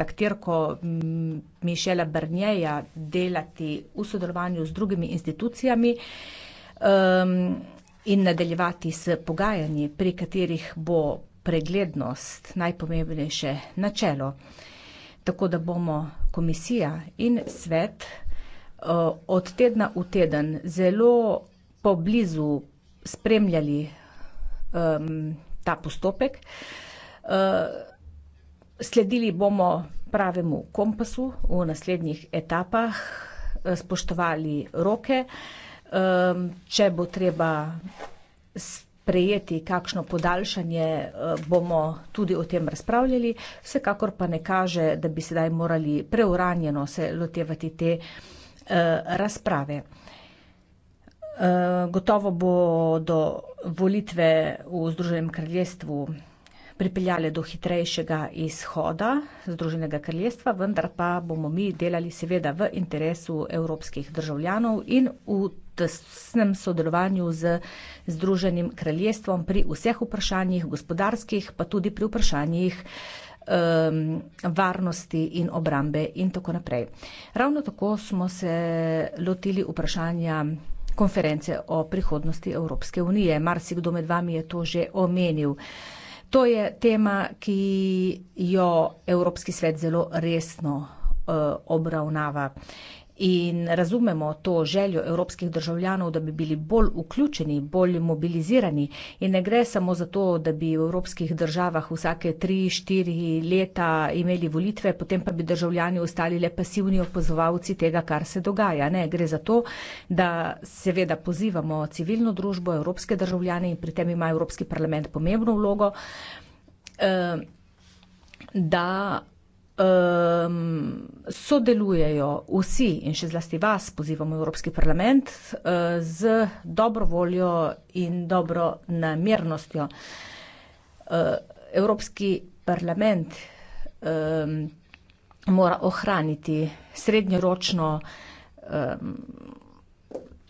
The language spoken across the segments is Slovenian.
taktirko mm, Mišela Brnjeja delati v sodelovanju z drugimi institucijami um, in nadaljevati s pogajanji, pri katerih bo preglednost najpomembnejše načelo. Tako da bomo komisija in svet uh, od tedna v teden zelo poblizu spremljali um, ta postopek. Uh, Sledili bomo pravemu kompasu v naslednjih etapah, spoštovali roke, če bo treba sprejeti kakšno podaljšanje, eh, bomo tudi o tem razpravljali, vsekakor pa ne kaže, da bi sedaj morali preuranjeno se lotevati te, eh, razprave. Eh, gotovo bodo volitve v Združenem kraljestvu pripeljale do hitrejšega izhoda Združenega kraljestva, vendar pa bomo mi delali seveda v interesu evropskih državljanov in v tesnem sodelovanju z Združenim kraljestvom pri vseh vprašanjih, gospodarskih, pa tudi pri vprašanjih varnosti in obrambe in tako naprej. Ravno tako smo se lotili vprašanja konference o prihodnosti Evropske unije. Marsikdo med vami je to že omenil. To je tema, ki jo Evropski svet zelo resno uh, obravnava in razumemo to željo evropskih državljanov, da bi bili bolj vključeni, bolj mobilizirani. In ne gre samo za to, da bi v evropskih državah vsake tri, štiri leta imeli volitve, potem pa bi državljani ostali le pasivni opozovalci tega, kar se dogaja. Ne, gre za to, da seveda pozivamo civilno družbo, evropske državljane in pri tem ima Evropski parlament pomembno vlogo, eh, da um, sodelujejo vsi in še zlasti vas pozivamo v Evropski parlament uh, z dobro voljo in dobro namernostjo. Uh, Evropski parlament um, mora ohraniti srednjeročno um,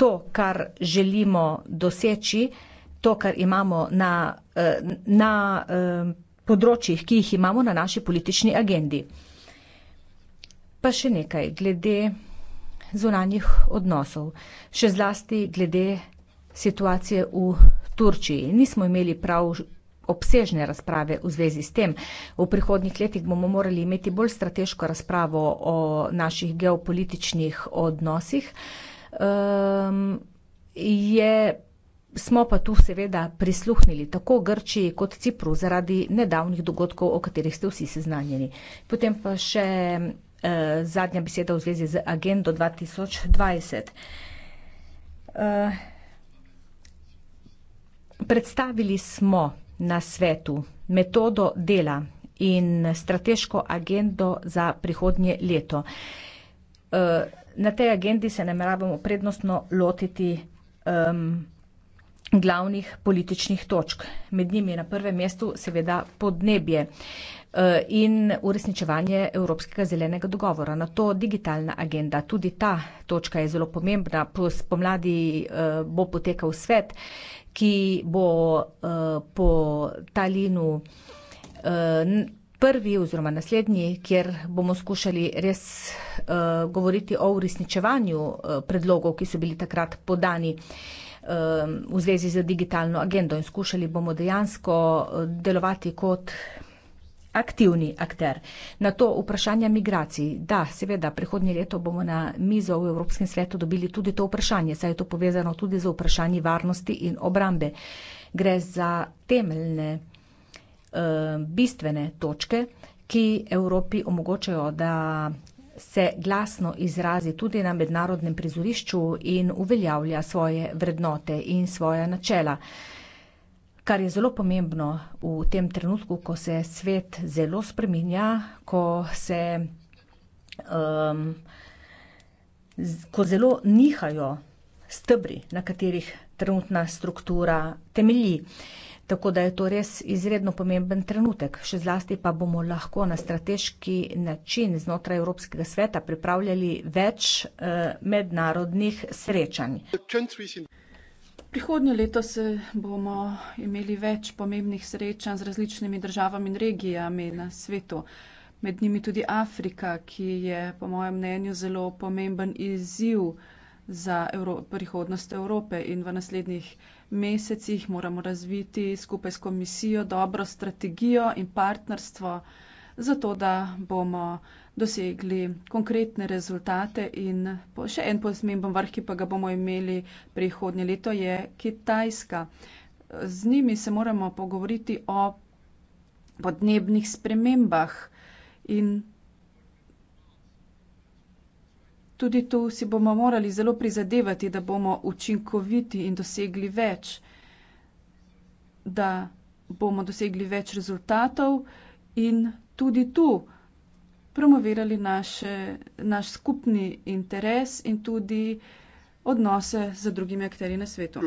to, kar želimo doseči, to, kar imamo na, eh, na, na področjih, ki jih imamo na naši politični agendi. Pa še nekaj glede zunanjih odnosov, še zlasti glede situacije v Turčiji. Nismo imeli prav obsežne razprave v zvezi s tem. V prihodnjih letih bomo morali imeti bolj strateško razpravo o naših geopolitičnih odnosih. Um, je Smo pa tu seveda prisluhnili tako Grčiji kot Cipru zaradi nedavnih dogodkov, o katerih ste vsi seznanjeni. Potem pa še eh, zadnja beseda v zvezi z agendo 2020. Eh, predstavili smo na svetu metodo dela in strateško agendo za prihodnje leto. Eh, na tej agendi se nameravamo prednostno lotiti um, glavnih političnih točk. Med njimi je na prvem mestu seveda podnebje eh, in uresničevanje Evropskega zelenega dogovora. Na to digitalna agenda, tudi ta točka je zelo pomembna. Pomladi eh, bo potekal svet, ki bo eh, po Talinu prvi oziroma naslednji, kjer bomo skušali res govoriti o uresničevanju predlogov, ki so bili takrat podani. Um, v zvezi z digitalno agendo in skušali bomo dejansko uh, delovati kot aktivni akter. Na to vprašanje migracij, da, seveda, prihodnje leto bomo na mizo v Evropskem svetu dobili tudi to vprašanje, saj je to povezano tudi z vprašanji varnosti in obrambe. Gre za temeljne, uh, bistvene točke, ki Evropi omogočajo, da se glasno izrazi tudi na mednarodnem prizorišču in uveljavlja svoje vrednote in svoje načela. Kar je zelo pomembno v tem trenutku, ko se svet zelo spreminja, ko se um, ko zelo nihajo stebri, na katerih trenutna struktura temelji. Tako da je to res izredno pomemben trenutek, še zlasti pa bomo lahko na strateški način znotraj Evropskega sveta pripravljali več eh, mednarodnih srečanj. Prihodnje leto se bomo imeli več pomembnih srečanj z različnimi državami in regijami na svetu. Med njimi tudi Afrika, ki je po mojem mnenju zelo pomemben izziv za Evro prihodnost Evrope in v naslednjih letih mesecih, moramo razviti skupaj s komisijo dobro strategijo in partnerstvo, zato da bomo dosegli konkretne rezultate in še en pozmemben vrh, ki pa ga bomo imeli prihodnje leto, je Kitajska. Z njimi se moramo pogovoriti o podnebnih spremembah in Tudi tu si bomo morali zelo prizadevati, da bomo učinkoviti in dosegli več, da bomo dosegli več rezultatov in tudi tu promovirali naše, naš skupni interes in tudi odnose z drugimi akteri na svetu.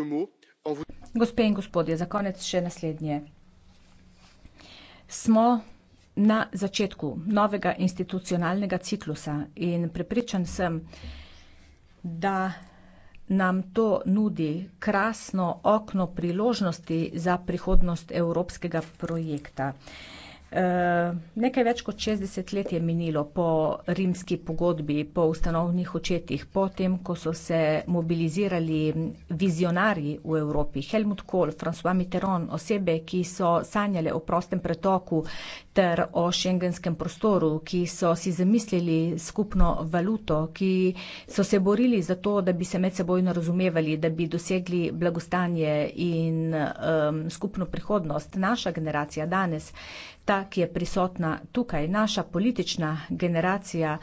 Gospe in gospodje, za konec še naslednje. Smo na začetku novega institucionalnega ciklusa in prepričan sem, da nam to nudi krasno okno priložnosti za prihodnost evropskega projekta. Eh, nekaj več kot 60 let je minilo po rimski pogodbi, po ustanovnih očetih, po tem, ko so se mobilizirali vizionarji v Evropi, Helmut Kohl, François Mitterrand, osebe, ki so sanjale o prostem pretoku ter o šengenskem prostoru, ki so si zamislili skupno valuto, ki so se borili za to, da bi se med seboj narazumevali, da bi dosegli blagostanje in um, skupno prihodnost. Naša generacija danes ta, ki je prisotna tukaj, naša politična generacija,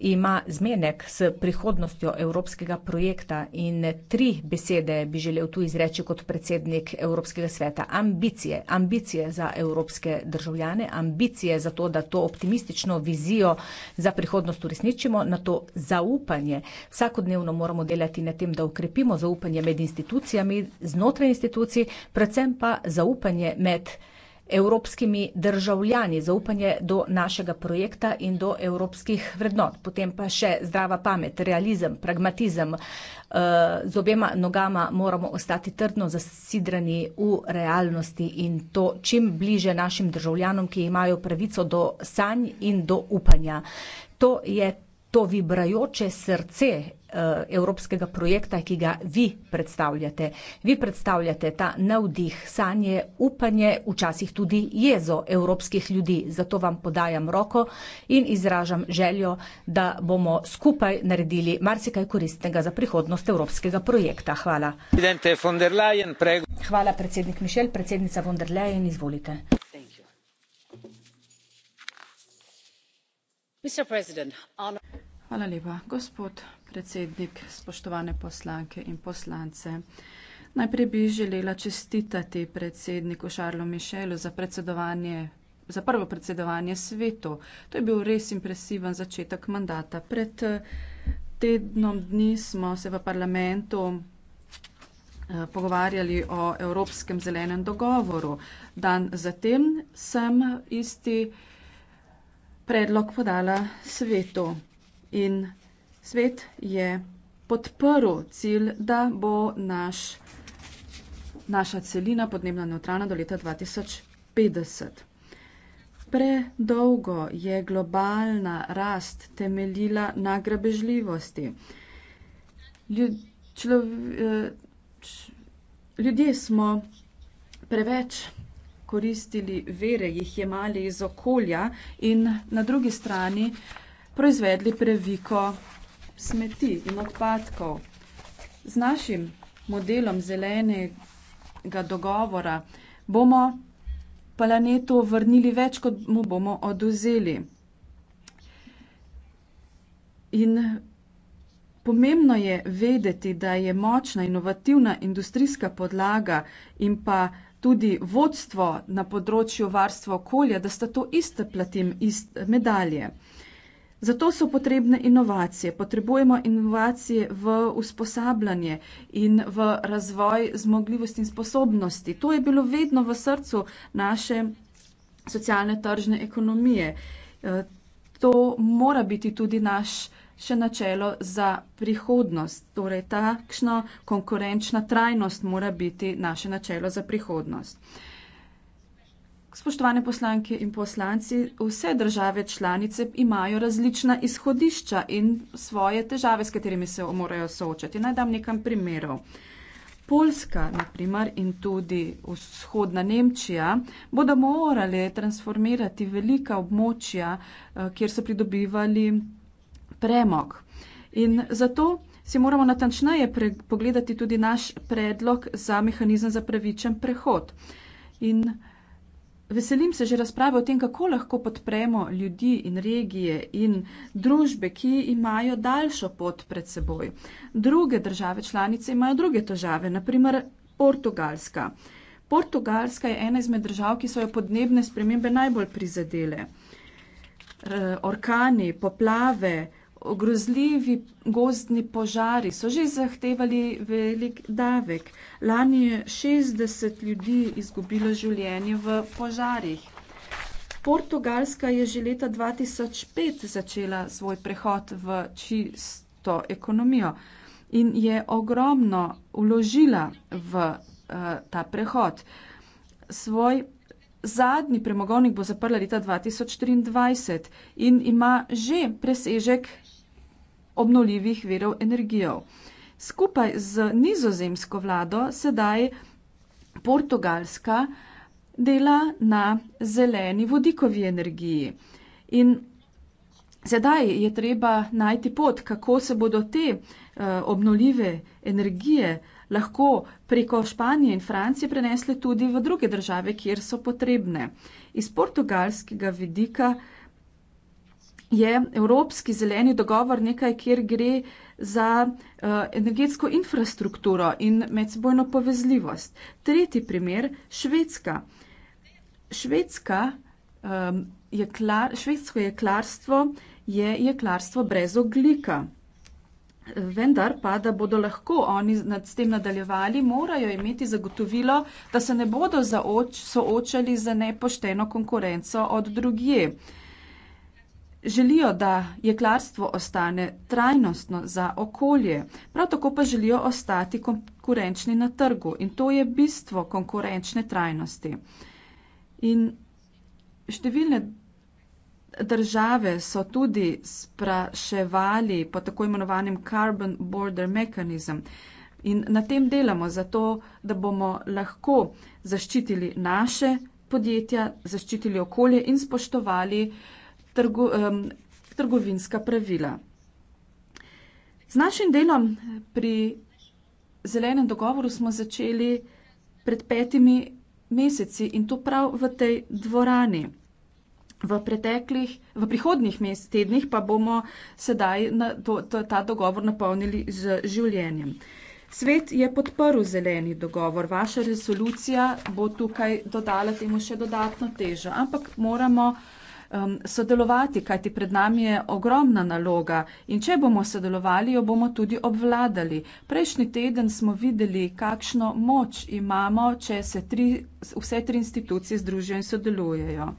ima zmenek s prihodnostjo evropskega projekta in tri besede bi želel tu izreči kot predsednik Evropskega sveta. Ambicije, ambicije za evropske državljane, ambicije za to, da to optimistično vizijo za prihodnost uresničimo, na to zaupanje. Vsakodnevno moramo delati na tem, da ukrepimo zaupanje med institucijami, znotraj institucij, predvsem pa zaupanje med evropskimi državljani, zaupanje do našega projekta in do evropskih vrednot. Potem pa še zdrava pamet, realizem, pragmatizem. Eh, z obema nogama moramo ostati trdno zasidrani v realnosti in to čim bliže našim državljanom, ki imajo pravico do sanj in do upanja. To je to vibrajoče srce eh, evropskega projekta, ki ga vi predstavljate. Vi predstavljate ta navdih, sanje, upanje, včasih tudi jezo evropskih ljudi. Zato vam podajam roko in izražam željo, da bomo skupaj naredili marsikaj koristnega za prihodnost evropskega projekta. Hvala. Hvala, predsednik Mišel. Predsednica von der Leyen, izvolite. Mr. President, on... Hvala lepa. Gospod predsednik, spoštovane poslanke in poslance. Najprej bi želela čestitati predsedniku Šarlo Mišelu za predsedovanje za prvo predsedovanje svetu. To je bil res impresiven začetek mandata. Pred tednom dni smo se v parlamentu eh, pogovarjali o Evropskem zelenem dogovoru. Dan zatem sem isti predlog podala svetu in svet je podprl cilj, da bo naš, naša celina podnebna neutralna do leta 2050. Predolgo je globalna rast temeljila na grabežljivosti. Ljud, člove, eh, ljudje smo preveč koristili vere, jih jemali iz okolja in na drugi strani proizvedli preveliko smeti in odpadkov. Z našim modelom zelenega dogovora bomo planetu vrnili več, kot mu bomo oduzeli. In pomembno je vedeti, da je močna inovativna industrijska podlaga in pa tudi vodstvo na področju varstva okolja, da sta to iste platim, iste medalje. Uh, Zato so potrebne inovacije. Potrebujemo inovacije v usposabljanje in v razvoj zmogljivosti in sposobnosti. To je bilo vedno v srcu naše socialne tržne ekonomije. E, to mora biti tudi naš še načelo za prihodnost. Torej, takšna konkurenčna trajnost mora biti naše načelo za prihodnost. Spoštovane poslanke in poslanci, vse države članice imajo različna izhodišča in svoje težave, s katerimi se morajo soočati. Naj dam nekam primerov. Poljska, naprimer, in tudi vzhodna Nemčija bodo morali transformirati velika območja, eh, kjer so pridobivali premog. In zato si moramo natančneje pogledati tudi naš predlog za mehanizem za pravičen prehod. In Veselim se že razprave o tem, kako lahko podpremo ljudi in regije in družbe, ki imajo daljšo pot pred seboj. Druge države članice imajo druge težave, naprimer Portugalska. Portugalska je ena izmed držav, ki so jo podnebne spremembe najbolj prizadele. Orkani, poplave. Ogrozljivi gozdni požari so že zahtevali velik davek. Lani je 60 ljudi izgubilo življenje v požarih. Portugalska je že leta 2005 začela svoj prehod v čisto ekonomijo in je ogromno uložila v uh, ta prehod. Svoj zadnji premogovnik bo zaprla leta 2023 in ima že presežek obnovljivih verov energijo. Skupaj z nizozemsko vlado sedaj Portugalska dela na zeleni vodikovi energiji. In sedaj je treba najti pot, kako se bodo te eh, obnovljive energije lahko preko Španije in Francije prenesle tudi v druge države, kjer so potrebne. Iz portugalskega vidika je Evropski zeleni dogovor nekaj, kjer gre za uh, energetsko infrastrukturo in medsebojno povezljivost. Tretji primer, Švedska. Švedska um, je klar, švedsko jeklarstvo je jeklarstvo brez oglika. Vendar pa, da bodo lahko oni nad s tem nadaljevali, morajo imeti zagotovilo, da se ne bodo zaoč, soočali z nepošteno konkurenco od drugih. Želijo, da jeklarstvo ostane trajnostno za okolje, prav tako pa želijo ostati konkurenčni na trgu in to je bistvo konkurenčne trajnosti. In številne države so tudi spraševali po tako imenovanem Carbon Border Mechanism in na tem delamo zato, da bomo lahko zaščitili naše podjetja, zaščitili okolje in spoštovali trgu, um, trgovinska pravila. Z našim delom pri zelenem dogovoru smo začeli pred petimi meseci in to prav v tej dvorani. V, v prihodnjih tednih pa bomo sedaj na, to, to, ta dogovor napolnili z življenjem. Svet je podporil zeleni dogovor, vaša resolucija bo tukaj dodala temu še dodatno težo, ampak moramo uh, um, sodelovati, kajti pred nami je ogromna naloga in če bomo sodelovali, jo bomo tudi obvladali. Prejšnji teden smo videli, kakšno moč imamo, če se tri, vse tri institucije združijo in sodelujejo.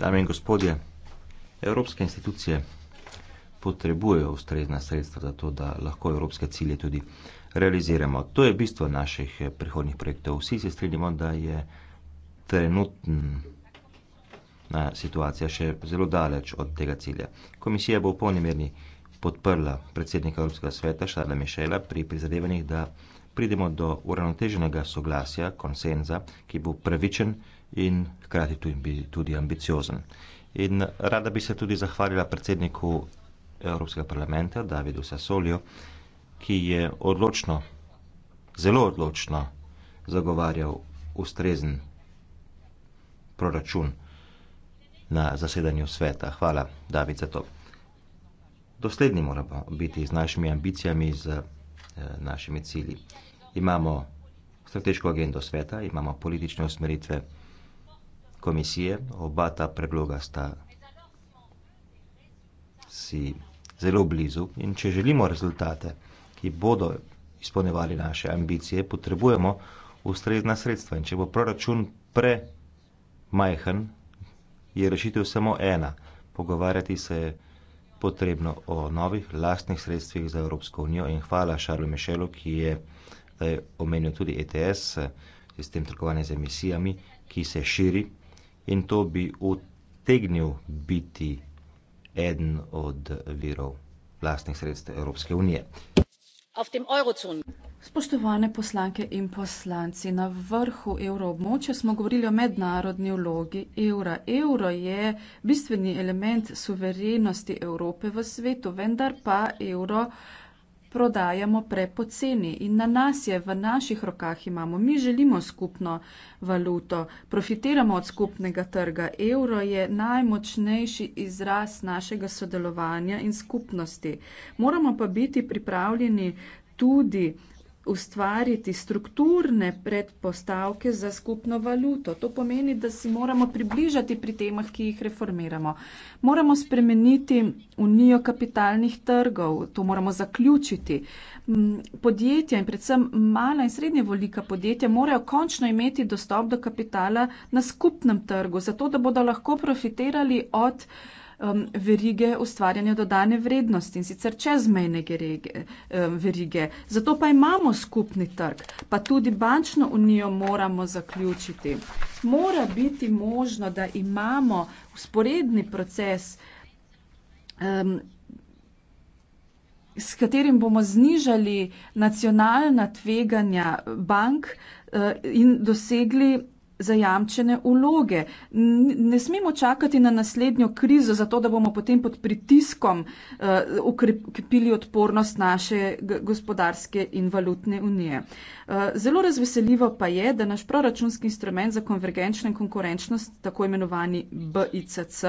Dame in gospodje, evropske institucije potrebujejo ustrezna sredstva za to, da lahko evropske cilje tudi realiziramo. To je bistvo naših eh, prihodnih projektov. Vsi se strinjamo, da je trenutna eh, situacija še zelo daleč od tega cilja. Komisija bo v polni meri podprla predsednika Evropskega sveta Šarla Mišela pri prizadevanjih, da pridemo do uravnoteženega soglasja, konsenza, ki bo pravičen in hkrati tudi ambiciozen. In rada bi se tudi zahvalila predsedniku Evropskega parlamenta Davidu Sasoliju, ki je odločno, zelo odločno zagovarjal ustrezen proračun na zasedanju sveta. Hvala, David, za to. Dosledni moramo biti z našimi ambicijami, z eh, našimi cilji. Imamo strateško agendo sveta, imamo politične usmeritve komisije, oba ta predloga sta si zelo blizu in če želimo rezultate, ki bodo izpolnevali naše ambicije, potrebujemo ustrezna sredstva. In če bo proračun premajhen, je rešitev samo ena. Pogovarjati se je potrebno o novih lastnih sredstvih za Evropsko unijo in hvala Šarlu Mišelu, ki je zdaj omenil tudi ETS, sistem trgovanja z emisijami, ki se širi in to bi utegnil biti eden od virov lastnih sredstev Evropske unije auf dem Eurozone. Spoštovane poslanke in poslanci, na vrhu evroobmočja smo govorili o mednarodni vlogi evra. Euro je bistveni element suverenosti Evrope v svetu, vendar pa evro prodajamo prepoceni in na nas je, v naših rokah imamo. Mi želimo skupno valuto, profitiramo od skupnega trga. Evro je najmočnejši izraz našega sodelovanja in skupnosti. Moramo pa biti pripravljeni tudi ustvariti strukturne predpostavke za skupno valuto. To pomeni, da si moramo približati pri temah, ki jih reformiramo. Moramo spremeniti unijo kapitalnih trgov, to moramo zaključiti. Podjetja in predvsem mala in srednje velika podjetja morajo končno imeti dostop do kapitala na skupnem trgu, zato da bodo lahko profitirali od um, verige ustvarjanja dodane vrednosti in sicer čezmejne um, verige. Zato pa imamo skupni trg, pa tudi bančno unijo moramo zaključiti. Mora biti možno, da imamo usporedni proces, um, s katerim bomo znižali nacionalna tveganja bank uh, in dosegli zajamčene vloge. Ne smemo čakati na naslednjo krizo, zato da bomo potem pod pritiskom eh, ukrepili odpornost naše gospodarske in valutne unije. Eh, zelo razveseljivo pa je, da naš proračunski instrument za konvergenčno in konkurenčnost, tako imenovani BICC,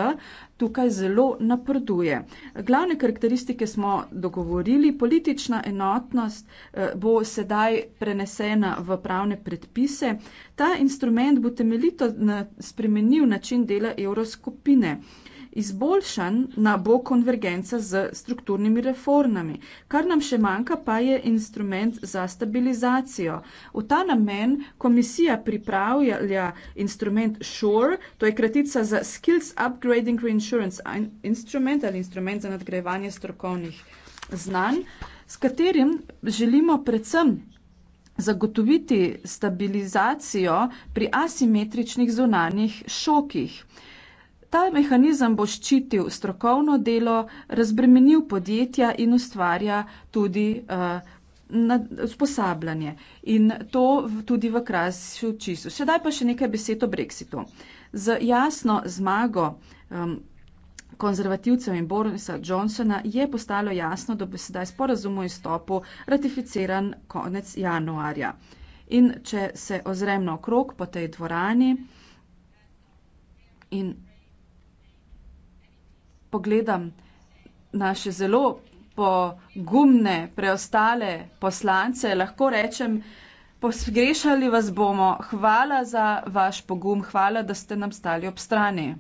tukaj zelo napreduje. Glavne karakteristike smo dogovorili. Politična enotnost eh, bo sedaj prenesena v pravne predpise. Ta instrument bo temeljito spremenil način dela evroskupine izboljšan na bo konvergenca z strukturnimi reformami. Kar nam še manjka, pa je instrument za stabilizacijo. V ta namen komisija pripravlja instrument SURE, to je kratica za Skills Upgrading Reinsurance Instrument ali instrument za nadgrajevanje strokovnih znanj, s katerim želimo predvsem zagotoviti stabilizacijo pri asimetričnih zunanjih šokih. Ta mehanizem bo ščitil strokovno delo, razbremenil podjetja in ustvarja tudi eh, usposabljanje. Uh, in to v, tudi v krasju čisto. Sedaj pa še nekaj besed o Brexitu. Z jasno zmago. Um, konzervativcev in Borisa Johnsona je postalo jasno, da bo sedaj sporazum o izstopu ratificiran konec januarja. In če se ozremno okrog po tej dvorani in pogledam naše zelo pogumne preostale poslance, lahko rečem, posgrešali vas bomo. Hvala za vaš pogum, hvala, da ste nam stali ob strani.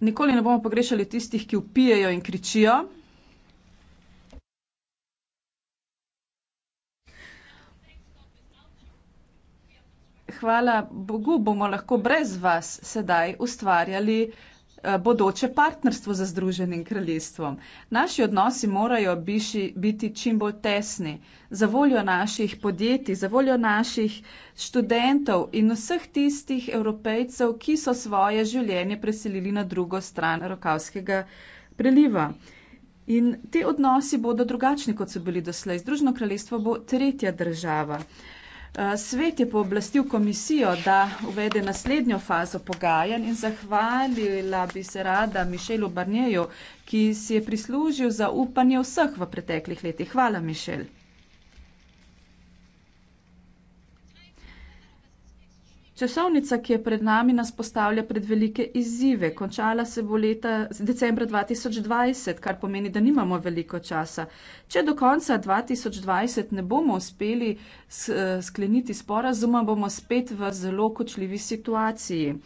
Nikoli ne bomo pogrešali tistih, ki upijejo in kričijo. hvala Bogu, bomo lahko brez vas sedaj ustvarjali eh, bodoče partnerstvo za Združenim kraljestvom. Naši odnosi morajo biši, biti čim bolj tesni. Za voljo naših podjetij, za voljo naših študentov in vseh tistih evropejcev, ki so svoje življenje preselili na drugo stran Rokavskega preliva. In te odnosi bodo drugačni, kot so bili doslej. Združeno kraljestvo bo tretja država. Uh, Eh, svet je pooblastil komisijo, da uvede naslednjo fazo pogajanj in zahvalila bi se rada Mišelu Barnjeju, ki si je prislužil zaupanje vseh v preteklih letih. Hvala, Mišel. Časovnica, ki je pred nami, nas postavlja pred velike izzive. Končala se bo leta decembra 2020, kar pomeni, da nimamo veliko časa. Če do konca 2020 ne bomo uspeli eh, skleniti sporazuma, bomo spet v zelo kočljivi situaciji.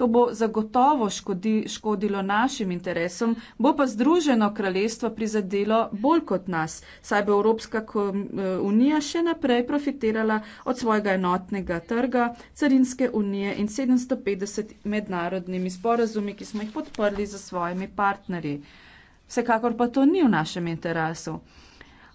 To bo zagotovo škodi, škodilo našim interesom, bo pa Združeno kraljestvo prizadelo bolj kot nas, saj bo Evropska eh, unija še naprej profitirala od svojega enotnega trga, carinske unije in 750 mednarodnimi sporazumi, ki smo jih podprli za svojimi partnerji. Vsekakor pa to ni v našem interesu.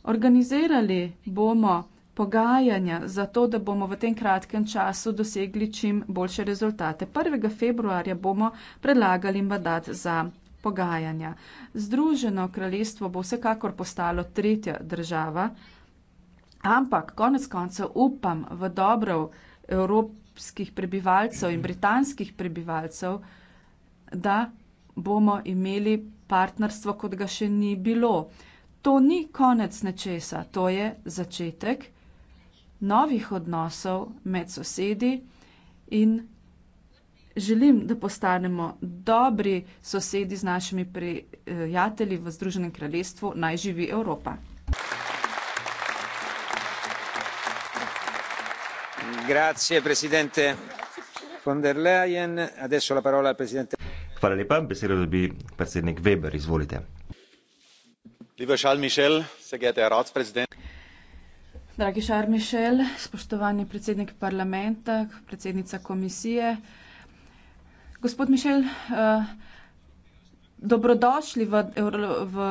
Organizirali bomo pogajanja za to, da bomo v tem kratkem času dosegli čim boljše rezultate. 1. februarja bomo predlagali mandat za pogajanja. Združeno kraljestvo bo vsekakor postalo tretja država, ampak konec koncev upam v dobro evropskih prebivalcev in britanskih prebivalcev, da bomo imeli partnerstvo, kot ga še ni bilo. To ni konec nečesa, to je začetek novih odnosov med sosedi in želim, da postanemo dobri sosedi z našimi prijatelji v Združenem kraljestvu. Naj živi Evropa. Grazie, presidente. Von der Leyen, adesso la parola al presidente. Hvala lepa, besedo dobi predsednik Weber, izvolite. Lieber Charles Michel, sehr geehrter Herr Ratspräsident. Dragi Šar Mišel, spoštovani predsednik parlamenta, predsednica komisije. Gospod Mišel, eh, dobrodošli v, v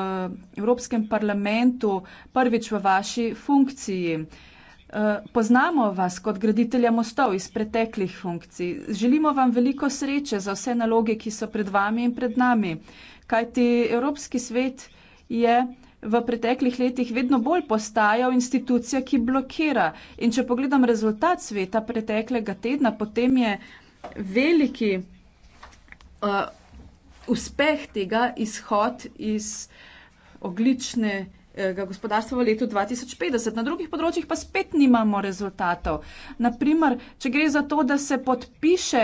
Evropskem parlamentu, prvič v vaši funkciji. Eh, poznamo vas kot graditelja mostov iz preteklih funkcij. Želimo vam veliko sreče za vse naloge, ki so pred vami in pred nami. Kajti Evropski svet je v preteklih letih vedno bolj postajal institucija, ki blokira. In če pogledam rezultat sveta preteklega tedna, potem je veliki uh, uspeh tega izhod iz oglične. Eh, gospodarstva v letu 2050. Na drugih področjih pa spet nimamo rezultatov. Naprimer, če gre za to, da se podpiše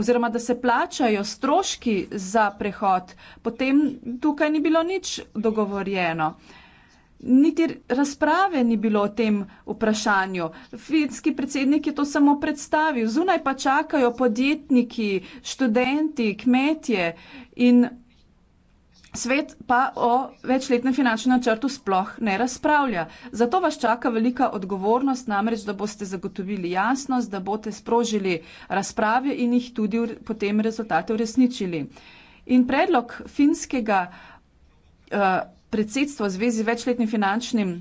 oziroma da se plačajo stroški za prehod, potem tukaj ni bilo nič dogovorjeno. Niti razprave ni bilo o tem vprašanju. Finski predsednik je to samo predstavil. Zunaj pa čakajo podjetniki, študenti, kmetje in. Svet pa o večletnem finančnem načrtu sploh ne razpravlja. Zato vas čaka velika odgovornost, namreč, da boste zagotovili jasnost, da boste sprožili razprave in jih tudi potem rezultate uresničili. In predlog finskega uh, predsedstva v zvezi z večletnim finančnim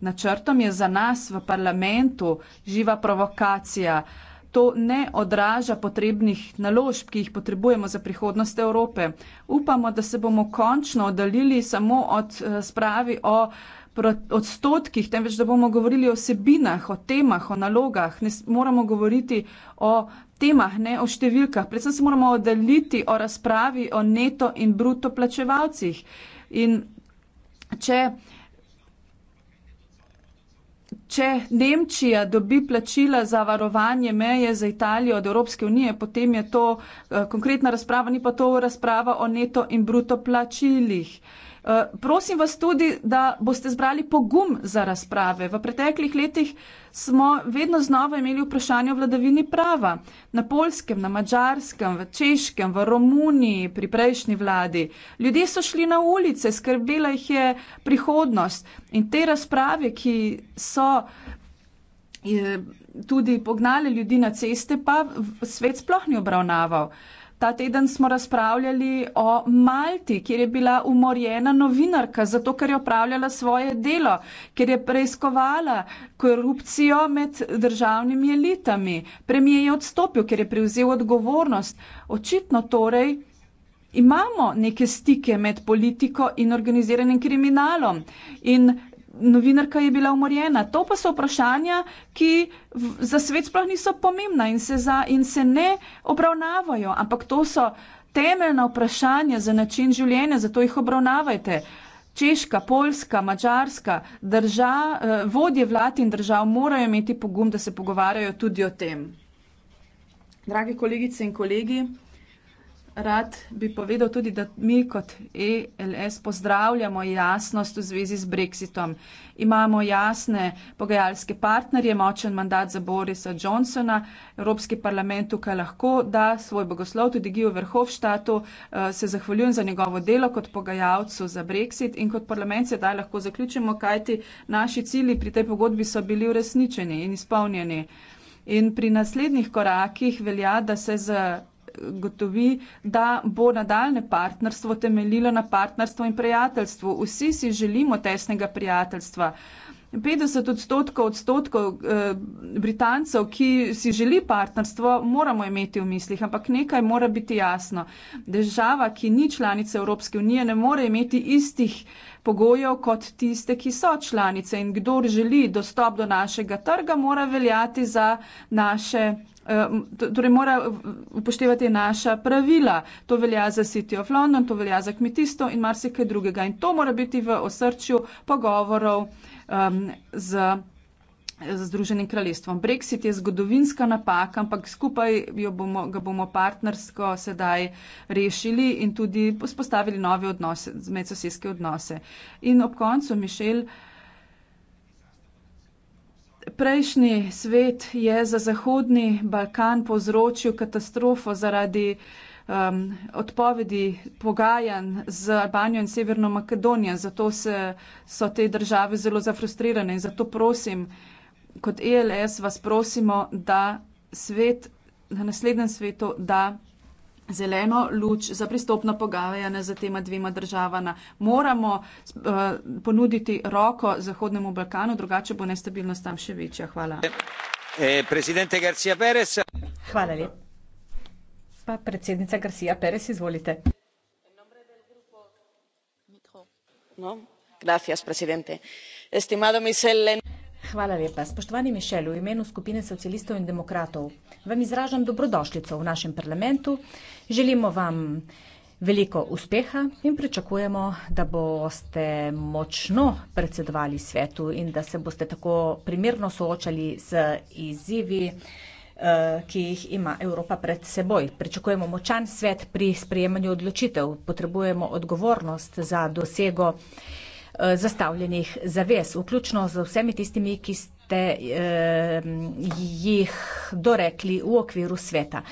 načrtom je za nas v parlamentu živa provokacija. Uh, to ne odraža potrebnih naložb, ki jih potrebujemo za prihodnost Evrope. Upamo, da se bomo končno oddaljili samo od eh, spravi o odstotkih, temveč da bomo govorili o vsebinah, o temah, o nalogah. Ne moramo govoriti o temah, ne o številkah. Predvsem se moramo oddaljiti o razpravi o neto in bruto plačevalcih. In če uh, če Nemčija dobi plačila za varovanje meje za Italijo od Evropske unije, potem je to uh, konkretna razprava, ni pa to razprava o neto in bruto plačilih. Uh, Eh, prosim vas tudi, da boste zbrali pogum za razprave. V preteklih letih smo vedno znova imeli vprašanje o vladavini prava. Na polskem, na mačarskem, v češkem, v Romuniji, pri prejšnji vladi. Ljudje so šli na ulice, skrbela jih je prihodnost. In te razprave, ki so eh, tudi pognale ljudi na ceste, pa svet sploh ni obravnaval. Ta teden smo razpravljali o Malti, kjer je bila umorjena novinarka, zato ker je opravljala svoje delo, ker je preiskovala korupcijo med državnimi elitami. Premijer je odstopil, ker je prevzel odgovornost. Očitno torej imamo neke stike med politiko in organiziranim kriminalom. In novinarka je bila umorjena. To pa so vprašanja, ki za svet sploh niso pomembna in se, za, in se ne obravnavajo, ampak to so temeljna vprašanja za način življenja, zato jih obravnavajte. Češka, Poljska, Mačarska, eh, vodje vlad in držav morajo imeti pogum, da se pogovarjajo tudi o tem. Dragi kolegice in kolegi, Rad bi povedal tudi, da mi kot ELS pozdravljamo jasnost v zvezi z Brexitom. Imamo jasne pogajalske partnerje, močen mandat za Borisa Johnsona, Evropski parlament tukaj lahko da svoj bogoslov, tudi Gijo Verhofštatu eh, se zahvaljujem za njegovo delo kot pogajalcu za Brexit in kot parlament se daj lahko zaključimo, kajti naši cilji pri tej pogodbi so bili uresničeni in izpolnjeni. In pri naslednjih korakih velja, da se z gotovi, da bo nadaljne partnerstvo temeljilo na partnerstvu in prijateljstvu. Vsi si želimo tesnega prijateljstva. 50 odstotkov, odstotkov eh, Britancev, ki si želi partnerstvo, moramo imeti v mislih, ampak nekaj mora biti jasno. Država, ki ni članica Evropske unije, ne more imeti istih pogojev kot tiste, ki so članice. In kdor želi dostop do našega trga, mora veljati za naše. Ehm, torej, mora upoštevati naša pravila. To velja za City of London, to velja za kmetijstvo in marsikaj drugega. In to mora biti v osrčju pogovorov um, z, z Združenim kraljestvom. Brexit je zgodovinska napaka, ampak skupaj bomo, ga bomo partnersko sedaj rešili in tudi vzpostavili nove odnose, medsosedske odnose. In ob koncu, Mišel prejšnji svet je za Zahodni Balkan povzročil katastrofo zaradi um, odpovedi pogajanj z Albanijo in Severno Makedonijo. Zato se, so te države zelo zafrustrirane in zato prosim, kot ELS vas prosimo, da svet, na naslednjem svetu, da zeleno luč za pristopno pogajanje za tema dvema državama. Moramo uh, ponuditi roko Zahodnemu Balkanu, drugače bo nestabilnost tam še večja. Hvala. Eh, eh, Hvala lepa. Pa predsednica Garcia Perez, izvolite. No? Gracias, presidente. Estimado Michel Lenin. Hvala lepa. Spoštovani Mišel, v imenu skupine socialistov in demokratov vam izražam dobrodošljico v našem parlamentu. Želimo vam veliko uspeha in pričakujemo, da boste močno predsedovali svetu in da se boste tako primerno soočali z izzivi, eh, ki jih ima Evropa pred seboj. Pričakujemo močan svet pri sprejemanju odločitev. Potrebujemo odgovornost za dosego Eh, zastavljenih zaves, vključno z vsemi tistimi, ki ste eh, jih dorekli v okviru sveta.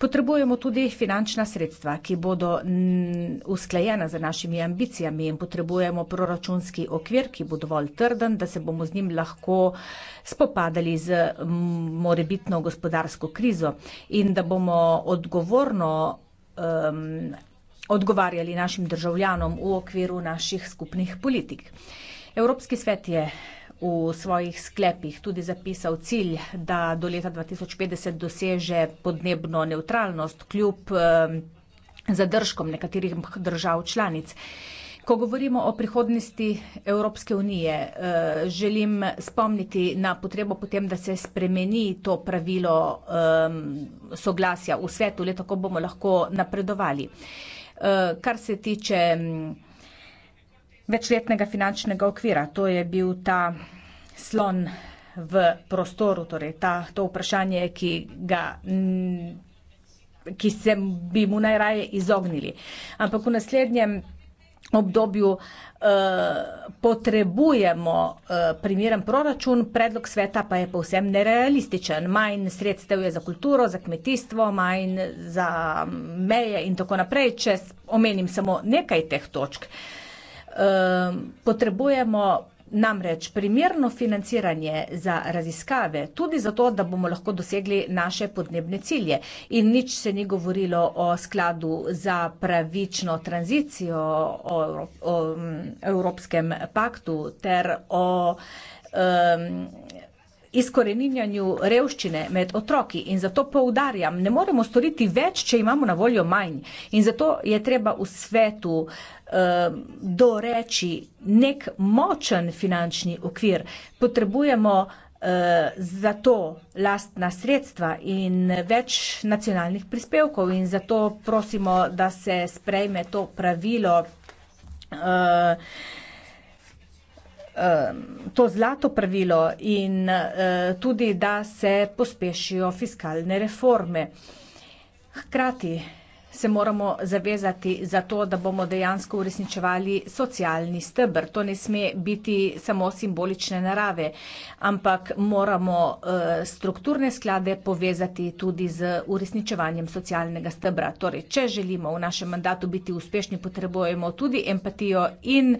Potrebujemo tudi finančna sredstva, ki bodo mm, usklajena za našimi ambicijami in potrebujemo proračunski okvir, ki bo dovolj trden, da se bomo z njim lahko spopadali z morebitno gospodarsko krizo in da bomo odgovorno odgovarjali našim državljanom v okviru naših skupnih politik. Evropski svet je v svojih sklepih tudi zapisal cilj, da do leta 2050 doseže podnebno neutralnost kljub eh, zadržkom nekaterih držav članic. Ko govorimo o prihodnosti Evropske unije, eh, želim spomniti na potrebo potem, da se spremeni to pravilo eh, soglasja v svetu, le tako bomo lahko napredovali. Eh, kar se tiče mm, večletnega finančnega okvira, to je bil ta slon v prostoru, torej ta, to vprašanje, ki ga, mm, ki se bi mu najraje izognili. Ampak v naslednjem obdobju eh, potrebujemo eh, primeren proračun, predlog sveta pa je povsem nerealističen. Manj sredstev je za kulturo, za kmetijstvo, manj za meje in tako naprej. Če omenim samo nekaj teh točk, eh, potrebujemo Namreč primerno financiranje za raziskave, tudi zato, da bomo lahko dosegli naše podnebne cilje. In nič se ni govorilo o skladu za pravično tranzicijo, o, o, o Evropskem paktu ter o um, izkoreninjanju revščine med otroki in zato poudarjam, ne moremo storiti več, če imamo na voljo manj in zato je treba v svetu eh, doreči nek močen finančni okvir. Potrebujemo eh, zato lastna sredstva in več nacionalnih prispevkov in zato prosimo, da se sprejme to pravilo. Eh, Eh, to zlato pravilo in eh, tudi, da se pospešijo fiskalne reforme. Hkrati se moramo zavezati za to, da bomo dejansko uresničevali socialni stebr. To ne sme biti samo simbolične narave, ampak moramo eh, strukturne sklade povezati tudi z uresničevanjem socialnega stebra. Torej, če želimo v našem mandatu biti uspešni, potrebujemo tudi empatijo in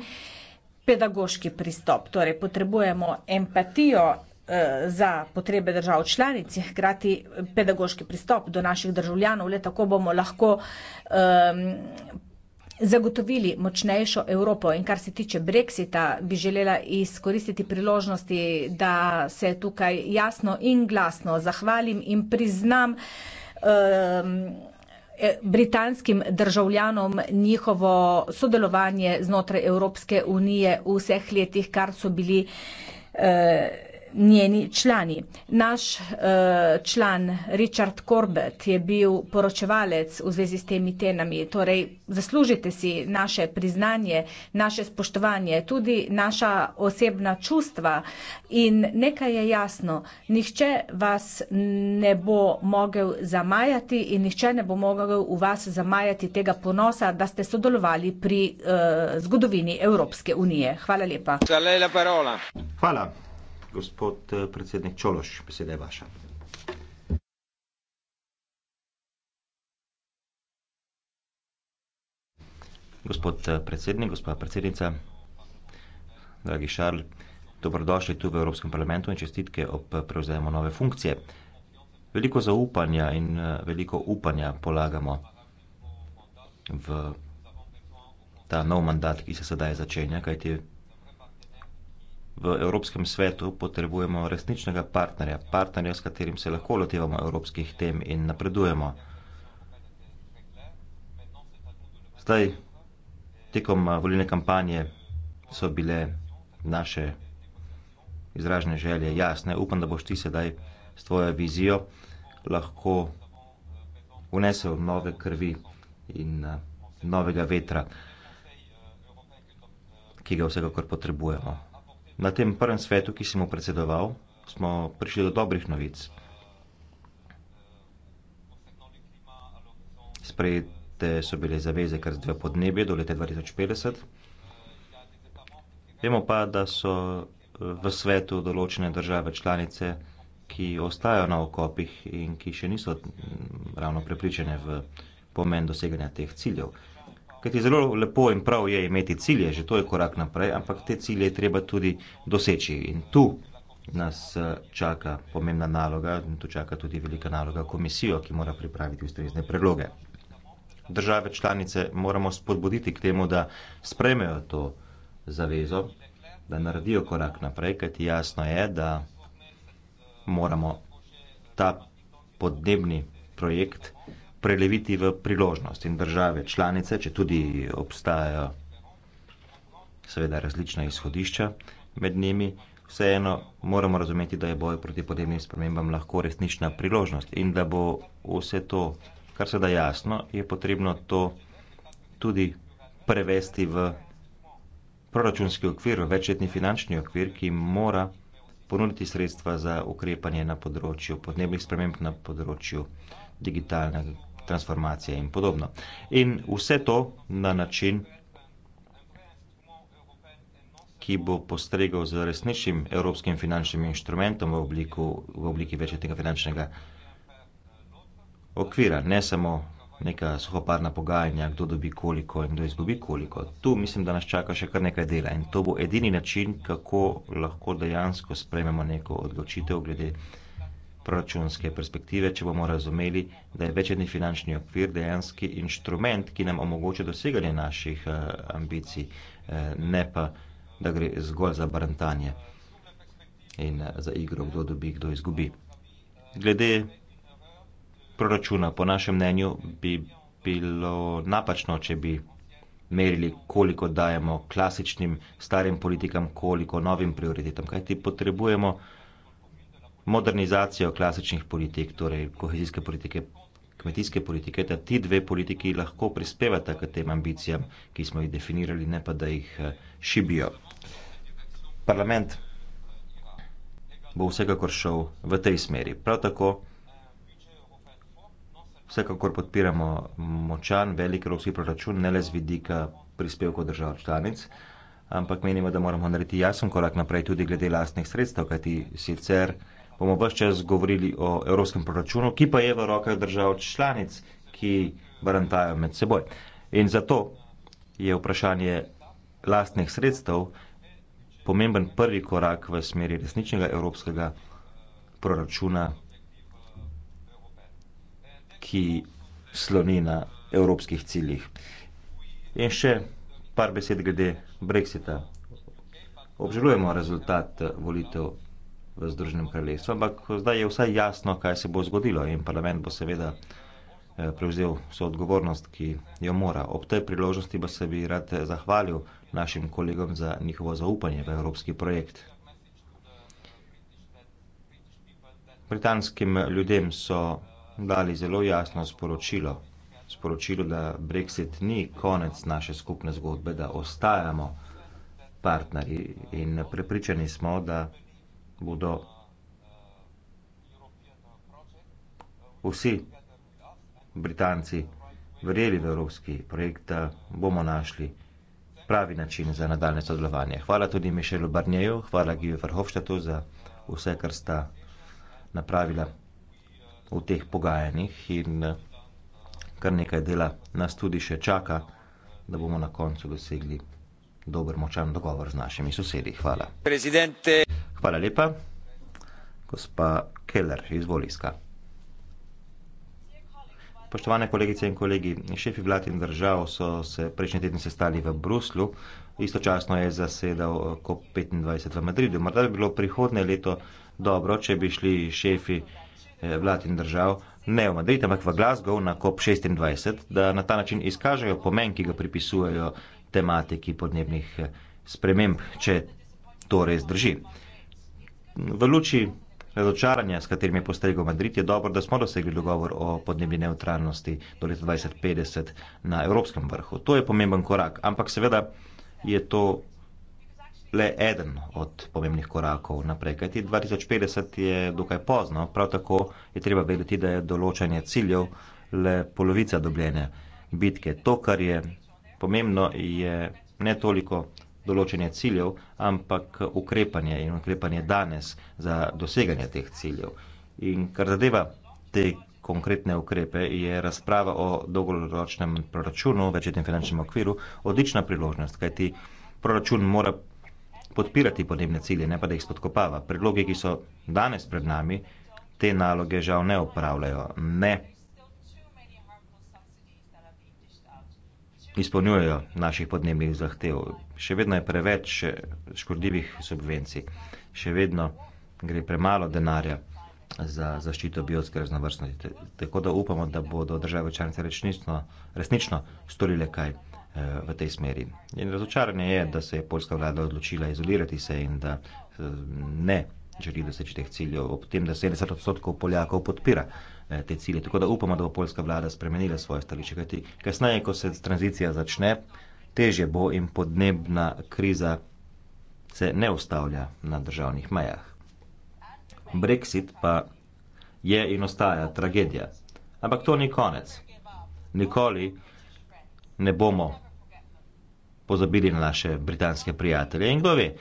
pedagoški pristop. Torej, potrebujemo empatijo eh, za potrebe držav članic, hkrati pedagoški pristop do naših državljanov, le tako bomo lahko um, zagotovili močnejšo Evropo. In kar se tiče Brexita, bi želela izkoristiti priložnosti, da se tukaj jasno in glasno zahvalim in priznam um, Eh, britanskim državljanom njihovo sodelovanje znotraj Evropske unije v vseh letih, kar so bili eh, njeni člani. Naš uh, član Richard Corbett je bil poročevalec v zvezi s temi tenami, torej zaslužite si naše priznanje, naše spoštovanje, tudi naša osebna čustva in nekaj je jasno, nihče vas ne bo mogel zamajati in nihče ne bo mogel v vas zamajati tega ponosa, da ste sodelovali pri uh, zgodovini Evropske unije. Hvala lepa. Hvala. Gospod eh, predsednik Čološ, beseda je vaša. Gospod eh, predsednik, gospod predsednica, dragi Šarl, dobrodošli tu v Evropskem parlamentu in čestitke ob eh, prevzemu nove funkcije. Veliko zaupanja in veliko upanja polagamo v ta nov mandat, ki se sedaj začenja, kajti V Evropskem svetu potrebujemo resničnega partnerja, partnerja, s katerim se lahko lotevamo evropskih tem in napredujemo. Zdaj, tekom eh, volilne kampanje so bile naše izražene želje jasne. Upam, da boš ti sedaj s tvojo vizijo lahko unesel nove krvi in eh, novega vetra, ki ga vsekakor potrebujemo. Na tem prvem svetu, ki sem mu predsedoval, smo prišli do dobrih novic. Sprejete so bile zaveze kar zdaj podnebje do leta 2050. Vemo pa, da so v svetu določene države članice, ki ostajajo na okopih in ki še niso ravno prepričane v pomen doseganja teh ciljev. Ker ti je zelo lepo in prav je imeti cilje, že to je korak naprej, ampak te cilje je treba tudi doseči. In tu nas eh, čaka pomembna naloga, in tu čaka tudi velika naloga komisijo, ki mora pripraviti ustrezne predloge. Države članice moramo spodbuditi k temu, da sprejmejo to zavezo, da naredijo korak naprej, kajti jasno je, da moramo ta podnebni projekt preleviti v priložnost in države članice, če tudi obstajajo seveda različna izhodišča med njimi, vseeno moramo razumeti, da je boj proti podnebnim spremembam lahko resnična priložnost in da bo vse to, kar se da jasno, je potrebno to tudi prevesti v proračunski okvir, v večletni finančni okvir, ki mora ponuditi sredstva za ukrepanje na področju podnebnih sprememb, na področju digitalnega transformacije in podobno. In vse to na način, ki bo postregal z resničnim evropskim finančnim inštrumentom v, obliku, v obliki večjetega finančnega okvira, ne samo neka suhoparna pogajanja, kdo dobi koliko in kdo izgubi koliko. Tu mislim, da nas čaka še kar nekaj dela in to bo edini način, kako lahko dejansko sprememo neko odločitev glede proračunske perspektive, če bomo razumeli, da je večjedni finančni okvir dejanski inštrument, ki nam omogoča doseganje naših eh, ambicij, eh, ne pa, da gre zgolj za barantanje in eh, za igro, kdo dobi, kdo izgubi. Glede proračuna, po našem mnenju, bi bilo napačno, če bi merili, koliko dajemo klasičnim starim politikam, koliko novim prioritetam, kaj ti potrebujemo modernizacijo klasičnih politik, torej kohezijske politike, kmetijske politike, da ti dve politiki lahko prispevata k tem ambicijam, ki smo jih definirali, ne pa da jih eh, šibijo. Parlament bo vsekakor šel v tej smeri. Prav tako vsekakor podpiramo močan velik evropski proračun, ne le z vidika prispevkov držav članic, ampak menimo, da moramo narediti jasen korak naprej tudi glede lastnih sredstev, kajti sicer bomo vse čas govorili o evropskem proračunu, ki pa je v rokah držav članic, ki barantajo med seboj. In zato je vprašanje lastnih sredstev pomemben prvi korak v smeri resničnega evropskega proračuna, ki sloni na evropskih ciljih. In še par besed glede Brexita. Obžalujemo rezultat volitev v Združenem kraljestvu, ampak zdaj je vsaj jasno, kaj se bo zgodilo in parlament bo seveda eh, prevzel vso odgovornost, ki jo mora. Ob tej priložnosti pa se bi rad eh, zahvalil našim kolegom za njihovo zaupanje v evropski projekt. Britanskim ljudem so dali zelo jasno sporočilo, sporočilo, da Brexit ni konec naše skupne zgodbe, da ostajamo partnerji in prepričani smo, da bodo vsi Britanci verjeli v evropski projekt, da bomo našli pravi način za nadaljne sodelovanje. Hvala tudi Mišelu Barnjeju, hvala Givu Verhofštatu za vse, kar sta napravila v teh pogajanjih in kar nekaj dela nas tudi še čaka, da bomo na koncu dosegli dober močan dogovor z našimi sosedi. Hvala. Prezidente. Hvala lepa. Gospa Keller, izvoli iska. Poštovane kolegice in kolegi, šefi vlad in držav so se prejšnji teden sestali v Bruslju, istočasno je zasedal COP25 v Madridu. Morda bi bilo prihodne leto dobro, če bi šli šefi eh, vlad in držav ne v Madrid, ampak v Glasgow na COP26, da na ta način izkažejo pomen, ki ga pripisujejo tematiki podnebnih eh, sprememb, če to res drži v luči razočaranja, s katerim je postregel Madrid, je dobro, da smo dosegli dogovor o podnebni neutralnosti do leta 2050 na Evropskem vrhu. To je pomemben korak, ampak seveda je to le eden od pomembnih korakov naprej, kajti 2050 je dokaj pozno, prav tako je treba vedeti, da je določanje ciljev le polovica dobljene bitke. To, kar je pomembno, je ne toliko določanje ciljev, ampak ukrepanje in ukrepanje danes za doseganje teh ciljev. In kar zadeva te konkretne ukrepe, je razprava o dolgoročnem proračunu, večjetem finančnem okviru, odlična priložnost, kajti proračun mora podpirati podnebne cilje, ne pa da jih spodkopava. Predloge, ki so danes pred nami, te naloge žal ne upravljajo, ne izpolnjujejo naših podnebnih zahtev. Še vedno je preveč eh, škodljivih subvencij, še vedno gre premalo denarja za zaščito biotske raznovrstnosti. Tako da upamo, da bodo države članice resnično, resnično storile kaj eh, v tej smeri. In razočaranje je, da se je polska vlada odločila izolirati se in da eh, ne želi doseči teh ciljev, ob tem, da 70 odstotkov Poljakov podpira eh, te cilje. Tako da upamo, da bo polska vlada spremenila svoje stališče. Kajti kasneje, ko se tranzicija začne, teže bo in podnebna kriza se ne ustavlja na državnih mejah. Brexit pa je in ostaja tragedija. Ampak to ni konec. Nikoli ne bomo pozabili na naše britanske prijatelje. In kdo ve,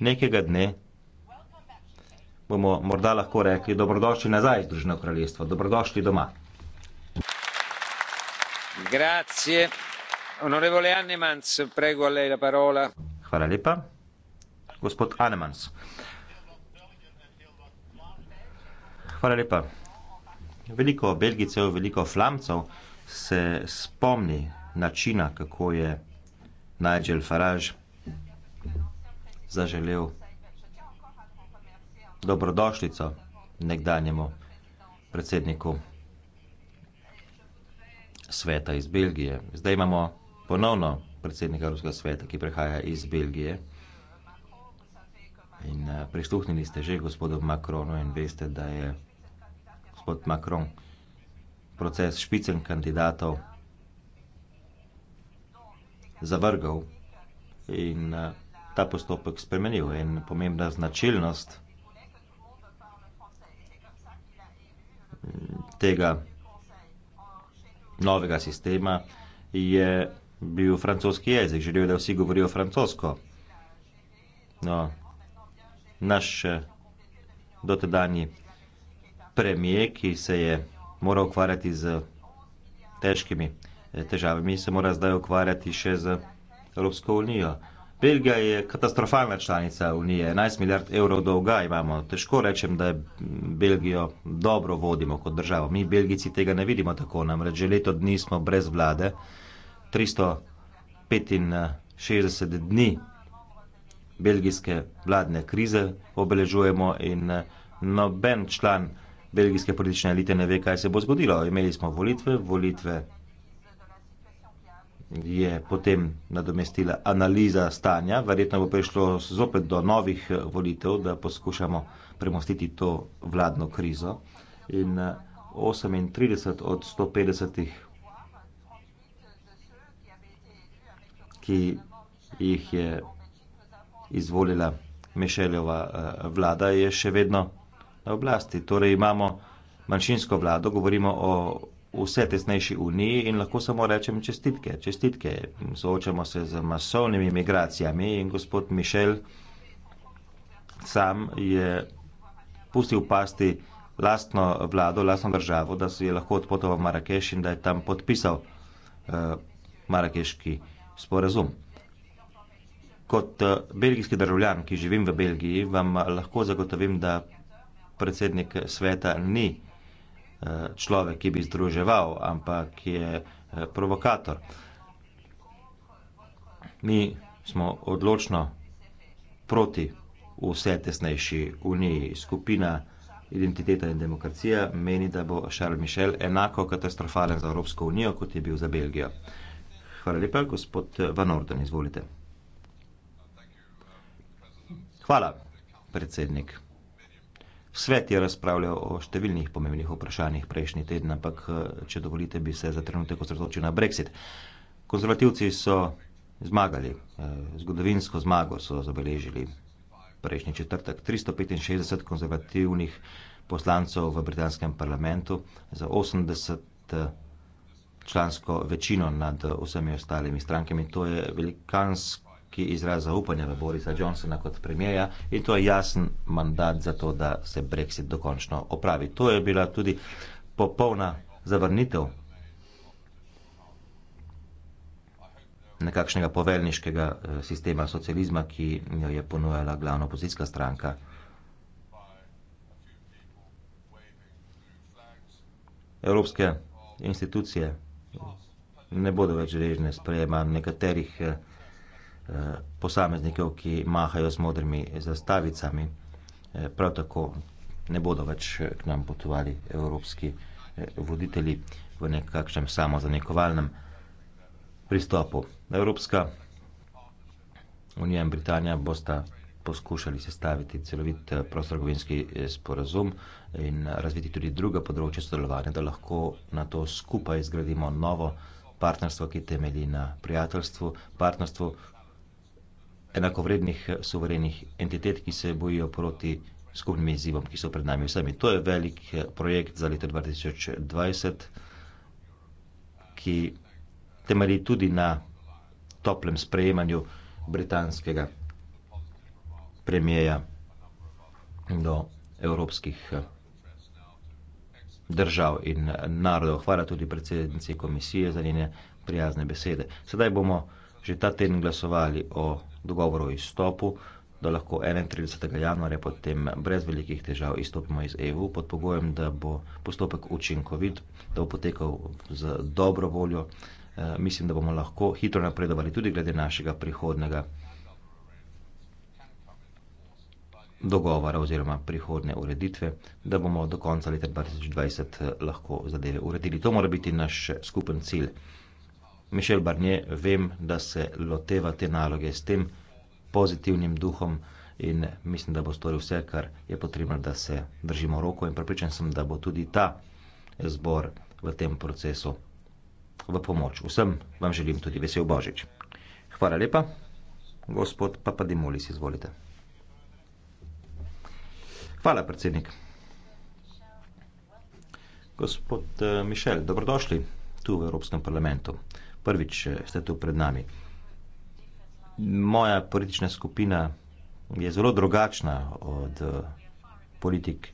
nekega dne bomo morda lahko rekli dobrodošli nazaj v Združeno kraljestvo, dobrodošli doma. Hvala lepa. Gospod Anemans. Hvala lepa. Veliko Belgijcev, veliko Flamcev se spomni načina, kako je Nigel Farage zaželel dobrodošlico nekdanjemu predsedniku sveta iz Belgije. Zdaj imamo ponovno predsednika Evropskega sveta, ki prihaja iz Belgije. In eh, prisluhnili ste že gospodu Macronu in veste, da je gospod Macron proces špicen kandidatov zavrgal in eh, ta postopek spremenil. In pomembna značilnost tega novega sistema je bil francoski jezik. Želel je, da vsi govorijo francosko. No, naš eh, dotedanji premijer, ki se je moral ukvarjati z težkimi eh, težavami, se mora zdaj ukvarjati še z Evropsko unijo. Belgija je katastrofalna članica Unije, 11 milijard evrov dolga imamo. Težko rečem, da Belgijo dobro vodimo kot državo. Mi, Belgijci, tega ne vidimo tako. Namreč že leto dni smo brez vlade, 365 dni belgijske vladne krize obeležujemo in eh, noben član belgijske politične elite ne ve, kaj se bo zgodilo. Imeli smo volitve, volitve je potem nadomestila analiza stanja. Verjetno bo prišlo zopet do novih eh, volitev, da poskušamo premostiti to vladno krizo. In 38 eh, od 150, ki jih je izvolila Mišeljova eh, vlada, je še vedno na oblasti. Torej imamo manjšinsko vlado, govorimo o vse tesnejši uniji in lahko samo rečem čestitke, čestitke. Soočamo se z masovnimi migracijami in gospod Mišel sam je pustil pasti lastno vlado, lastno državo, da se je lahko odpotoval v Marakeš in da je tam podpisal uh, marakeški sporazum. Kot uh, belgijski državljan, ki živim v Belgiji, vam lahko zagotovim, da predsednik sveta ni uh, človek, ki bi združeval, ampak je eh, provokator. Mi smo odločno proti vse tesnejši uniji. Skupina Identiteta in demokracija meni, da bo Charles Michel enako katastrofalen za Evropsko unijo, kot je bil za Belgijo. Hvala lepa, gospod Van Orden, izvolite. Hvala, predsednik. Svet je razpravljal o številnih pomembnih vprašanjih prejšnji teden, ampak eh, če dovolite, bi se za trenutek osredotočil na Brexit. Konzervativci so zmagali, eh, zgodovinsko zmago so zabeležili prejšnji četrtek. 365 konzervativnih poslancev v britanskem parlamentu za 80 eh, člansko večino nad vsemi ostalimi strankami. To je velikansko ki izraz zaupanja v Borisa Johnsona kot premijeja in to je jasen mandat za to, da se Brexit dokončno opravi. To je bila tudi popolna zavrnitev nekakšnega poveljniškega eh, sistema socializma, ki jo je ponujala glavna opozicijska stranka. Evropske institucije ne bodo več deležne sprejema nekaterih eh, Eh, posameznikov, ki mahajo z modrimi zastavicami, eh, prav tako ne bodo več eh, k nam potovali evropski voditelji v nekakšnem samozanikovalnem pristopu. Evropska unija in Britanija bosta poskušali sestaviti celovit prostorgovinski sporazum in razviti tudi druga področja sodelovanja, da lahko na to skupaj zgradimo novo partnerstvo, ki temelji na prijateljstvu, partnerstvu, enakovrednih suverenih entitet, ki se bojijo proti skupnim izzivom, ki so pred nami vsemi. To je velik eh, projekt za leto 2020, ki temelji tudi na toplem sprejemanju britanskega premijeja do evropskih eh, držav in eh, narodov. Hvala tudi predsednici komisije za njene prijazne besede. Sedaj bomo že ta teden glasovali o dogovoru o izstopu, da lahko 31. januarja potem brez velikih težav izstopimo iz EU, pod pogojem, da bo postopek učinkovit, da bo potekal z dobro voljo. E, mislim, da bomo lahko hitro napredovali tudi glede našega prihodnega dogovora oziroma prihodne ureditve, da bomo do konca leta 2020 eh, lahko zadeve uredili. To mora biti naš skupen cilj. Mišel Barnier, vem, da se loteva te naloge s tem pozitivnim duhom in mislim, da bo storil vse, kar je potrebno, da se držimo roko in prepričan sem, da bo tudi ta zbor v tem procesu v pomoč. Vsem vam želim tudi vesel Božič. Hvala lepa, gospod Papadimolis, izvolite. Hvala, predsednik. Gospod eh, Mišel, dobrodošli tu v Evropskem parlamentu prvič eh, ste tu pred nami. Moja politična skupina je zelo drugačna od eh, politik,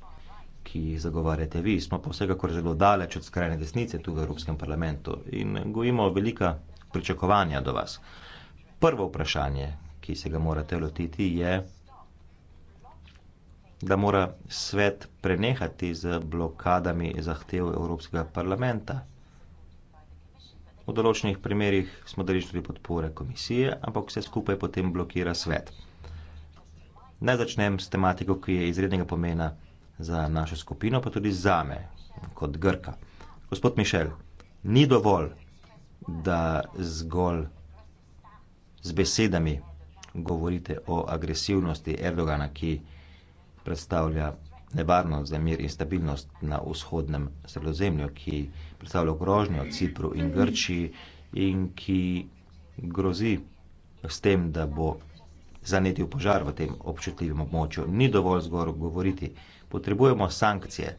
ki jih zagovarjate vi. Smo pa vsekakor zelo daleč od skrajne desnice tu v Evropskem parlamentu in gojimo velika pričakovanja do vas. Prvo vprašanje, ki se ga morate lotiti, je, da mora svet prenehati z blokadami zahtev Evropskega parlamenta. V določenih primerjih smo deležni tudi podpore komisije, ampak vse skupaj potem blokira svet. Ne začnem s tematiko, ki je izrednega pomena za našo skupino, pa tudi za me, kot Grka. Gospod Mišel, ni dovolj, da zgolj z besedami govorite o agresivnosti Erdogana, ki predstavlja nevarnost za mir in stabilnost na vzhodnem sredozemlju, ki predstavlja grožnjo Cipru in Grčiji in ki grozi s tem, da bo zanetil požar v tem občutljivem območju. Ni dovolj zgor govoriti. Potrebujemo sankcije.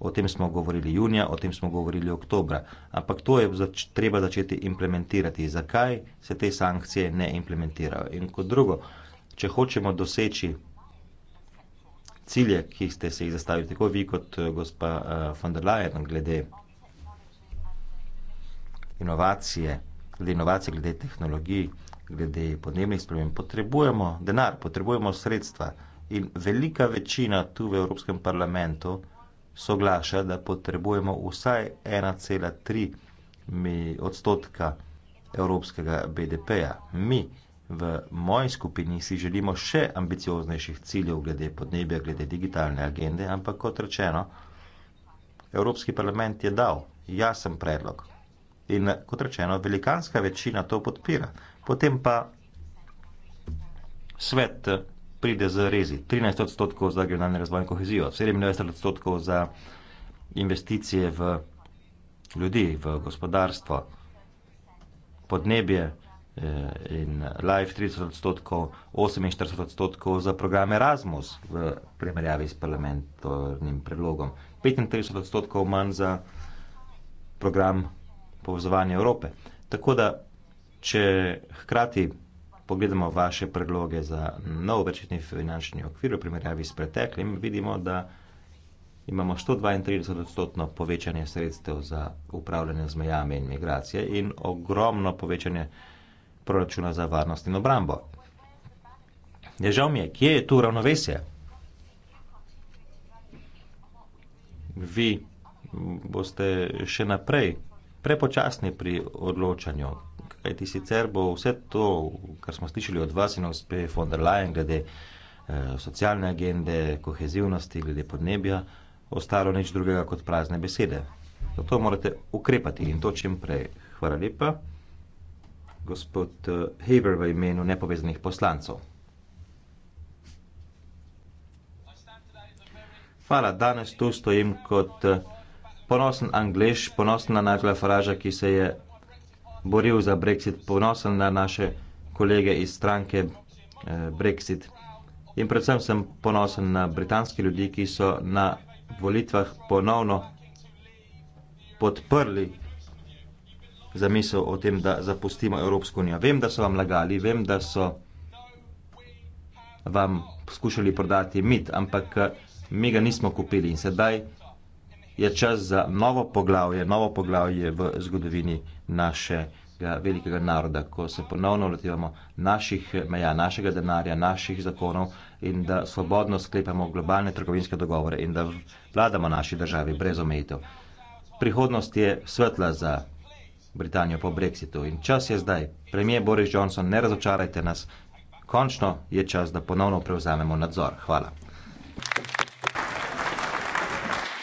O tem smo govorili junija, o tem smo govorili oktobra. Ampak to je zač treba začeti implementirati. Zakaj se te sankcije ne implementirajo? In kot drugo, če hočemo doseči cilje, ki ste se jih zastavili, tako vi kot eh, gospa eh, von der Leyen, glede inovacije, glede inovacije, glede tehnologij, glede podnebnih sprememb. Potrebujemo denar, potrebujemo sredstva in velika večina tu v Evropskem parlamentu soglaša, da potrebujemo vsaj 1,3 odstotka evropskega BDP-ja. Mi, V moji skupini si želimo še ambicioznejših ciljev glede podnebja, glede digitalne agende, ampak kot rečeno, Evropski parlament je dal jasen predlog in kot rečeno, velikanska večina to podpira. Potem pa svet eh, pride z rezi 13 odstotkov za regionalni razvoj in kohezijo, 27 odstotkov za investicije v ljudi, v gospodarstvo, podnebje. Eh, in Life 30 odstotkov, 48 odstotkov za program Erasmus v primerjavi s parlamentarnim predlogom, 35 odstotkov manj za program povezovanja Evrope. Tako da, če hkrati pogledamo vaše predloge za nov večetni finančni okvir v primerjavi s preteklim, vidimo, da imamo 132 odstotno povečanje sredstev za upravljanje z mejami in migracije in ogromno povečanje sredstev proračuna za varnost in obrambo. Ja, žal mi je, kje je tu ravnovesje? Vi boste še naprej prepočasni pri odločanju, kajti sicer bo vse to, kar smo slišali od vas in od SP von der Leyen glede eh, socialne agende, kohezivnosti, glede podnebja, ostalo nič drugega kot prazne besede. Zato morate ukrepati in to čim prej. Hvala lepa gospod eh, Heber v imenu nepovezanih poslancov. Hvala, danes tu stojim kot eh, ponosen Anglež, ponosen na Nigela Faraža, ki se je boril za Brexit, ponosen na naše kolege iz stranke eh, Brexit. In predvsem sem ponosen na britanski ljudi, ki so na volitvah ponovno podprli zamisel o tem, da zapustimo Evropsko unijo. Vem, da so vam lagali, vem, da so vam poskušali prodati mit, ampak eh, mi ga nismo kupili in sedaj je čas za novo poglavje, novo poglavje v zgodovini našega velikega naroda, ko se ponovno lotevamo naših eh, meja, našega denarja, naših zakonov in da svobodno sklepamo globalne trgovinske dogovore in da vladamo naši državi brez omejitev. Prihodnost je svetla za Britanijo po brexitu. In čas je zdaj. Premijer Boris Johnson, ne razočarajte nas. Končno je čas, da ponovno prevzamemo nadzor. Hvala.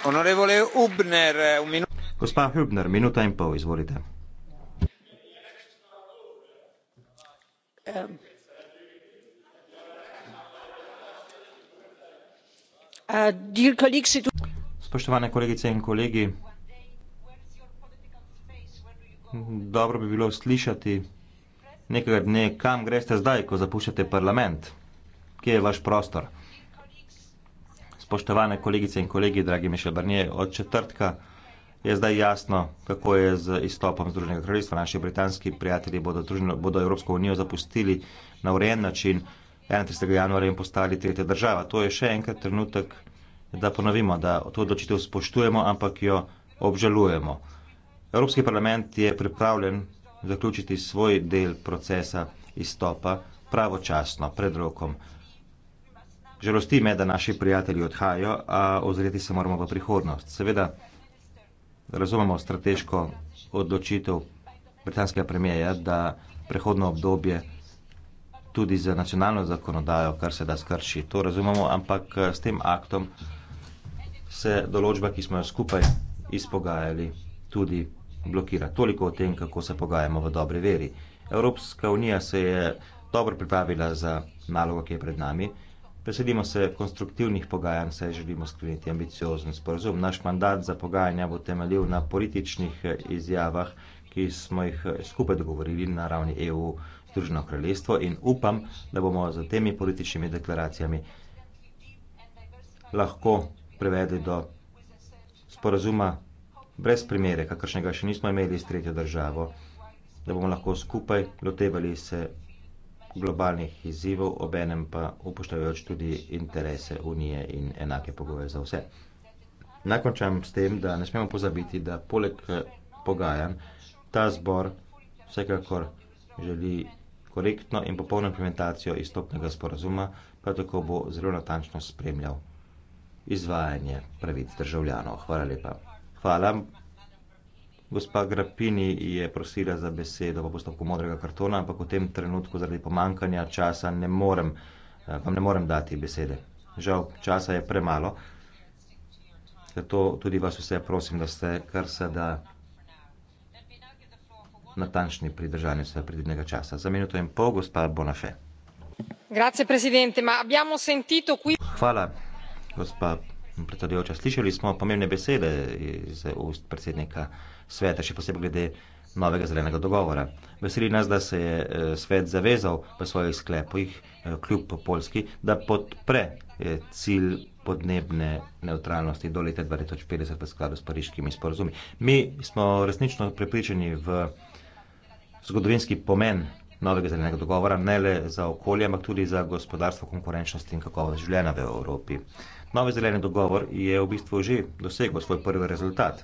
Hübner, eh, minu... Gospa Hübner, minuta in pol, izvolite. Um. Spoštovane kolegice in kolegi, dobro bi bilo slišati nekega dne, kam greste zdaj, ko zapuščate parlament, kje je vaš prostor. Spoštovane kolegice in kolegi, dragi Mišel Barnije, od četrtka je zdaj jasno, kako je z izstopom Združenega kraljestva. Naši britanski prijatelji bodo, družino, bodo Evropsko unijo zapustili na urejen način 31. januarja in postali tretja država. To je še enkrat trenutek, da ponovimo, da to odločitev spoštujemo, ampak jo obžalujemo. Evropski parlament je pripravljen zaključiti svoj del procesa izstopa pravočasno, pred rokom. Žalosti me, da naši prijatelji odhajajo, a ozreti se moramo v prihodnost. Seveda razumemo strateško odločitev britanskega premijeja, da prehodno obdobje tudi za nacionalno zakonodajo, kar se da skrši. To razumemo, ampak eh, s tem aktom se določba, ki smo jo skupaj izpogajali, tudi blokira. Toliko o tem, kako se pogajamo v dobri veri. Evropska unija se je dobro pripravila za nalogo, ki je pred nami. Veselimo se konstruktivnih pogajanj, saj želimo skleniti ambiciozen sporozum. Naš mandat za pogajanja bo temeljil na političnih eh, izjavah, ki smo jih eh, skupaj dogovorili na ravni EU, Združeno kraljestvo in upam, da bomo za temi političnimi deklaracijami lahko prevedli do sporozuma brez primere, kakršnega še nismo imeli s tretjo državo, da bomo lahko skupaj lotevali se globalnih izzivov, obenem pa upoštevajoč tudi interese unije in enake pogoje za vse. Nakončam s tem, da ne smemo pozabiti, da poleg eh, pogajanj ta zbor vsekakor želi korektno in popolno implementacijo izstopnega sporazuma, pa tako bo zelo natančno spremljal izvajanje pravic državljanov. Hvala lepa. Hvala. Gospa Grapini je prosila za besedo v postopku modrega kartona, ampak v tem trenutku zaradi pomankanja časa ne morem, eh, vam ne morem dati besede. Žal, časa je premalo. Zato tudi vas vse prosim, da ste kar se da natančni pri držanju svojega predvidnega časa. Za minuto in pol gospa Bonafè. Hvala, gospa predsedujoča. Slišali smo pomembne besede iz ust predsednika sveta, še posebej glede novega zelenega dogovora. Veseli nas, da se je e, svet zavezal v svojih sklepih, e, kljub polski, da podpre e, cilj podnebne neutralnosti do leta 2050 v skladu s pariškimi sporozumi. Mi smo resnično prepričani v zgodovinski pomen novega zelenega dogovora, ne le za okolje, ampak tudi za gospodarstvo, konkurenčnost in kakovost življenja v Evropi. Novi zeleni dogovor je v bistvu že dosegel svoj prvi rezultat.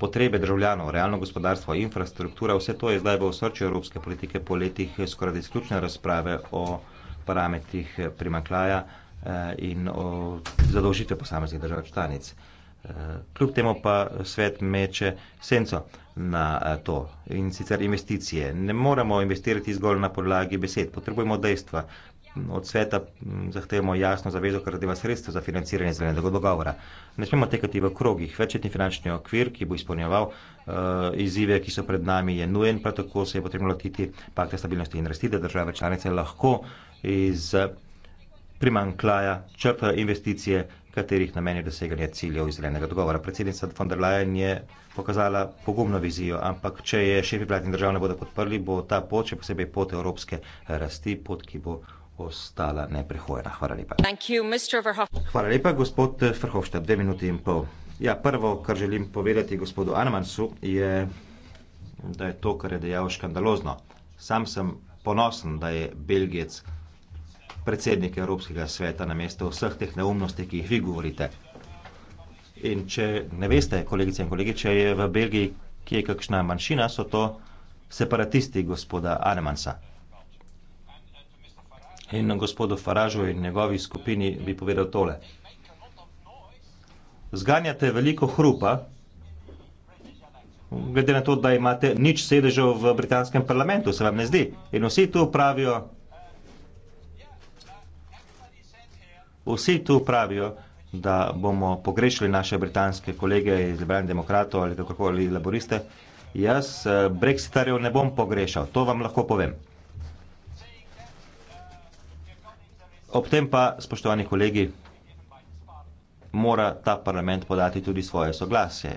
Potrebe državljanov, realno gospodarstvo, infrastruktura, vse to je zdaj v osrčju evropske politike po letih eh, skoraj izključne razprave o parametrih eh, primaklaja eh, in o zadolžitve posameznih držav članic. Kljub temu pa svet meče senco na to in sicer investicije. Ne moremo investirati zgolj na podlagi besed, potrebujemo dejstva od sveta zahtevamo jasno zavezo, kar zadeva sredstva za financiranje zelenega dogovora. Ne smemo tekati v krogih. Večetni finančni okvir, ki bo izpolnjeval uh, izzive, ki so pred nami, je nujen, prav tako se je potrebno lotiti pakta stabilnosti in rasti, da države članice lahko iz eh, primankljaja črpajo investicije, katerih namen je doseganje ciljev iz zelenega dogovora. Predsednica von der Leyen je pokazala pogumno vizijo, ampak če je šefi vladnih držav ne bodo podprli, bo ta pot, še posebej pot evropske rasti, pot, ki bo ostala neprehojena. Hvala lepa. Hvala lepa, gospod eh, Verhofstadt, dve minuti in pol. Ja, prvo, kar želim povedati gospodu Anamansu, je, da je to, kar je dejal, škandalozno. Sam sem ponosen, da je Belgijec predsednik Evropskega sveta na mesto vseh teh neumnosti, ki jih vi govorite. In če ne veste, kolegice in kolegi, če je v Belgiji kje kakšna manjšina, so to separatisti gospoda Anemansa. In gospodu Faražu in njegovi skupini bi povedal tole. Zganjate veliko hrupa, glede na to, da imate nič sedežev v britanskem parlamentu, se vam ne zdi. In vsi tu pravijo, vsi tu pravijo, da bomo pogrešili naše britanske kolege iz Liberalnih demokratov ali kako ali laboriste. Jaz eh, brexitarjev ne bom pogrešal, to vam lahko povem. Ob tem pa, spoštovani kolegi, mora ta parlament podati tudi svoje soglasje.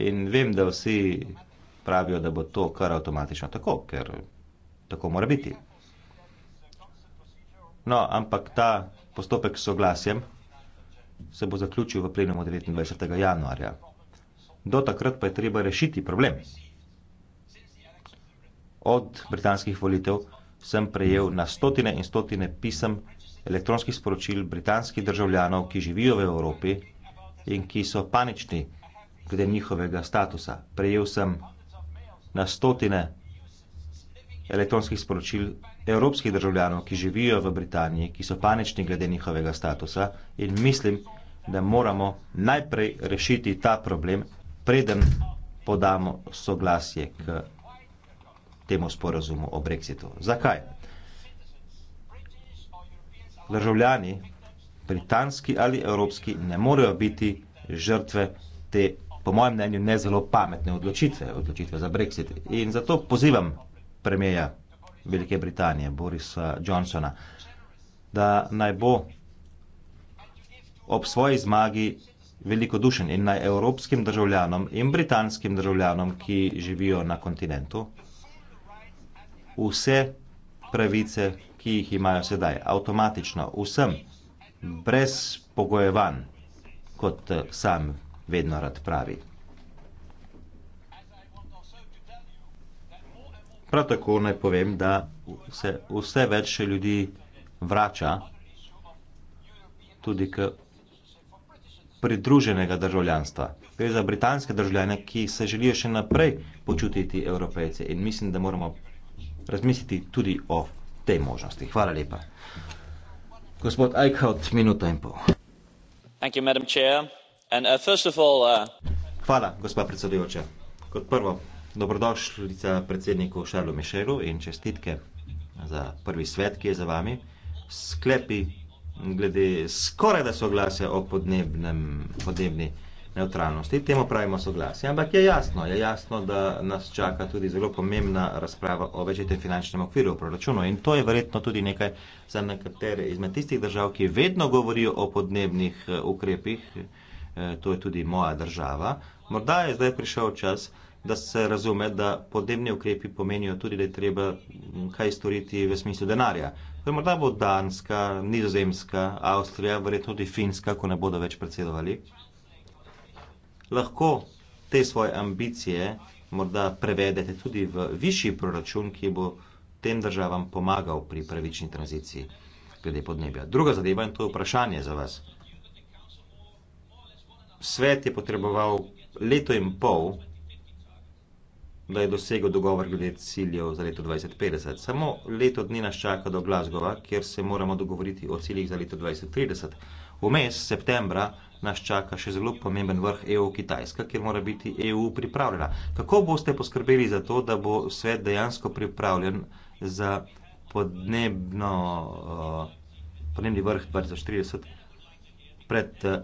In vem, da vsi pravijo, da bo to kar avtomatično tako, ker tako mora biti. No, ampak ta postopek s soglasjem se bo zaključil v plenumu 29. januarja. Do takrat pa je treba rešiti problem. Od britanskih volitev sem prejel na stotine in stotine pisem, elektronskih sporočil britanskih državljanov, ki živijo v Evropi in ki so panični glede njihovega statusa. Prejel sem na stotine elektronskih sporočil evropskih državljanov, ki živijo v Britaniji, ki so panični glede njihovega statusa in mislim, da moramo najprej rešiti ta problem, preden podamo soglasje k temu sporazumu o brexitu. Zakaj? državljani, britanski ali evropski, ne morejo biti žrtve te, po mojem mnenju, ne zelo pametne odločitve, odločitve za Brexit. In zato pozivam premijeja Velike Britanije, Borisa Johnsona, da naj bo ob svoji zmagi velikodušen in naj evropskim državljanom in britanskim državljanom, ki živijo na kontinentu, vse pravice ki jih imajo sedaj, avtomatično, vsem, brez pogojevanj, kot eh, sam vedno rad pravi. Prav tako naj povem, da se vse več ljudi vrača tudi k pridruženega državljanstva. Gre za britanske državljane, ki se želijo še naprej počutiti evropejce in mislim, da moramo razmisliti tudi o te možnosti. Hvala lepa. Gospod Eichhout, minuta in pol. Thank you, Madam Chair. And, uh, first of all, uh... Hvala, gospa predsedujoča. Kot prvo, dobrodošljica predsedniku Šarlu Mišelu in čestitke za prvi svet, ki je za vami. Sklepi glede skoraj da soglase o podnebnem, podnebni neutralnosti. Temu pravimo soglasje. Ampak je jasno, je jasno, da nas čaka tudi zelo pomembna razprava o večjem finančnem okviru v proračunu. In to je verjetno tudi nekaj za nekatere izmed tistih držav, ki vedno govorijo o podnebnih eh, ukrepih. Eh, to je tudi moja država. Morda je zdaj prišel čas, da se razume, da podnebni ukrepi pomenijo tudi, da je treba mm, kaj storiti v smislu denarja. To je morda bo Danska, Nizozemska, Avstrija, verjetno tudi Finska, ko ne bodo več predsedovali lahko te svoje ambicije morda prevedete tudi v višji proračun, ki bo tem državam pomagal pri pravični tranziciji glede podnebja. Druga zadeva in to je vprašanje za vas. Svet je potreboval leto in pol, da je dosegel dogovor glede ciljev za leto 2050. Samo leto dni nas čaka do Glasgova, kjer se moramo dogovoriti o ciljih za leto 2030. Vmes septembra nas čaka še zelo pomemben vrh EU-Kitajska, kjer mora biti EU pripravljena. Kako boste poskrbeli za to, da bo svet dejansko pripravljen za podnebno, eh, podnebni vrh 2040 pred eh,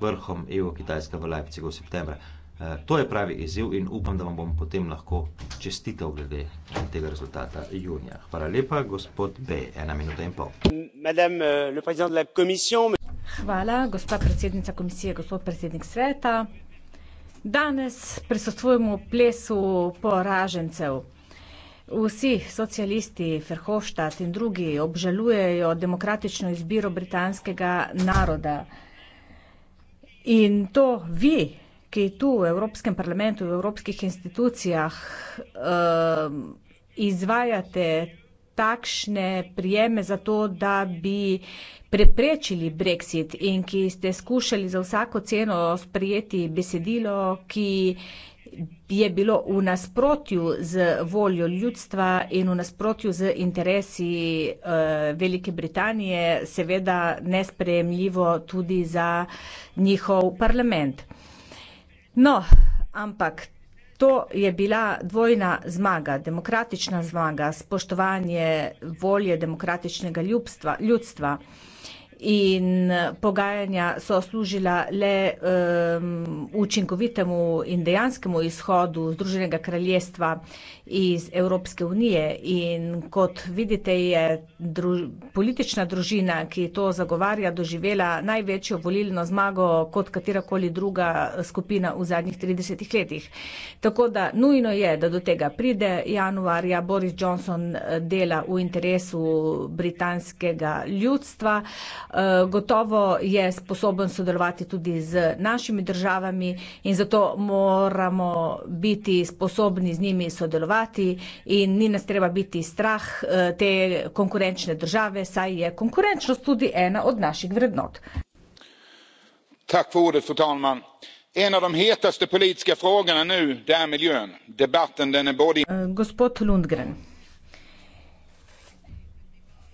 vrhom EU-Kitajska v Leipzigu v septembra? Eh, to je pravi izziv in upam, da vam bom potem lahko čestital glede tega rezultata junija. Hvala lepa, gospod B. Ena minuta in pol. Madame, le Hvala, gospa predsednica komisije, gospod predsednik sveta. Danes prisostvujemo plesu poražencev. Vsi socialisti, Verhofstadt in drugi obžalujejo demokratično izbiro britanskega naroda. In to vi, ki tu v Evropskem parlamentu, v evropskih institucijah, eh, izvajate takšne prijeme za to, da bi preprečili brexit in ki ste skušali za vsako ceno sprejeti besedilo, ki je bilo v nasprotju z voljo ljudstva in v nasprotju z interesi eh, Velike Britanije, seveda nesprejemljivo tudi za njihov parlament. No, ampak To je bila dvojna zmaga, demokratična zmaga, spoštovanje volje demokratičnega ljubstva, ljudstva in eh, pogajanja so služila le um, učinkovitemu in dejanskemu izhodu Združenega kraljestva iz Evropske unije. In kot vidite, je dru politična družina, ki to zagovarja, doživela največjo volilno zmago kot katerakoli druga skupina v zadnjih 30 letih. Tako da nujno je, da do tega pride januarja. Boris Johnson eh, dela v interesu britanskega ljudstva. Eh, gotovo je sposoben sodelovati tudi z našimi državami in zato moramo biti sposobni z njimi sodelovati in ni nas treba biti strah eh, te konkurenčne države, saj je konkurenčnost tudi ena od naših vrednot. Tack för ordet, fru talman. En av de hetaste politiska frågorna nu är er miljön. Debatten den är er både. Eh, gospod Lundgren.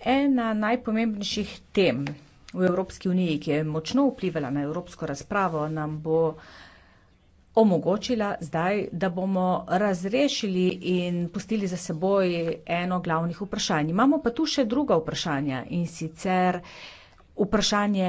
Ena najpomembnejših tem v Evropski uniji, ki je močno vplivala na evropsko razpravo, nam bo omogočila zdaj, da bomo razrešili in pustili za seboj eno glavnih vprašanj. Imamo pa tu še druga vprašanja, in sicer vprašanje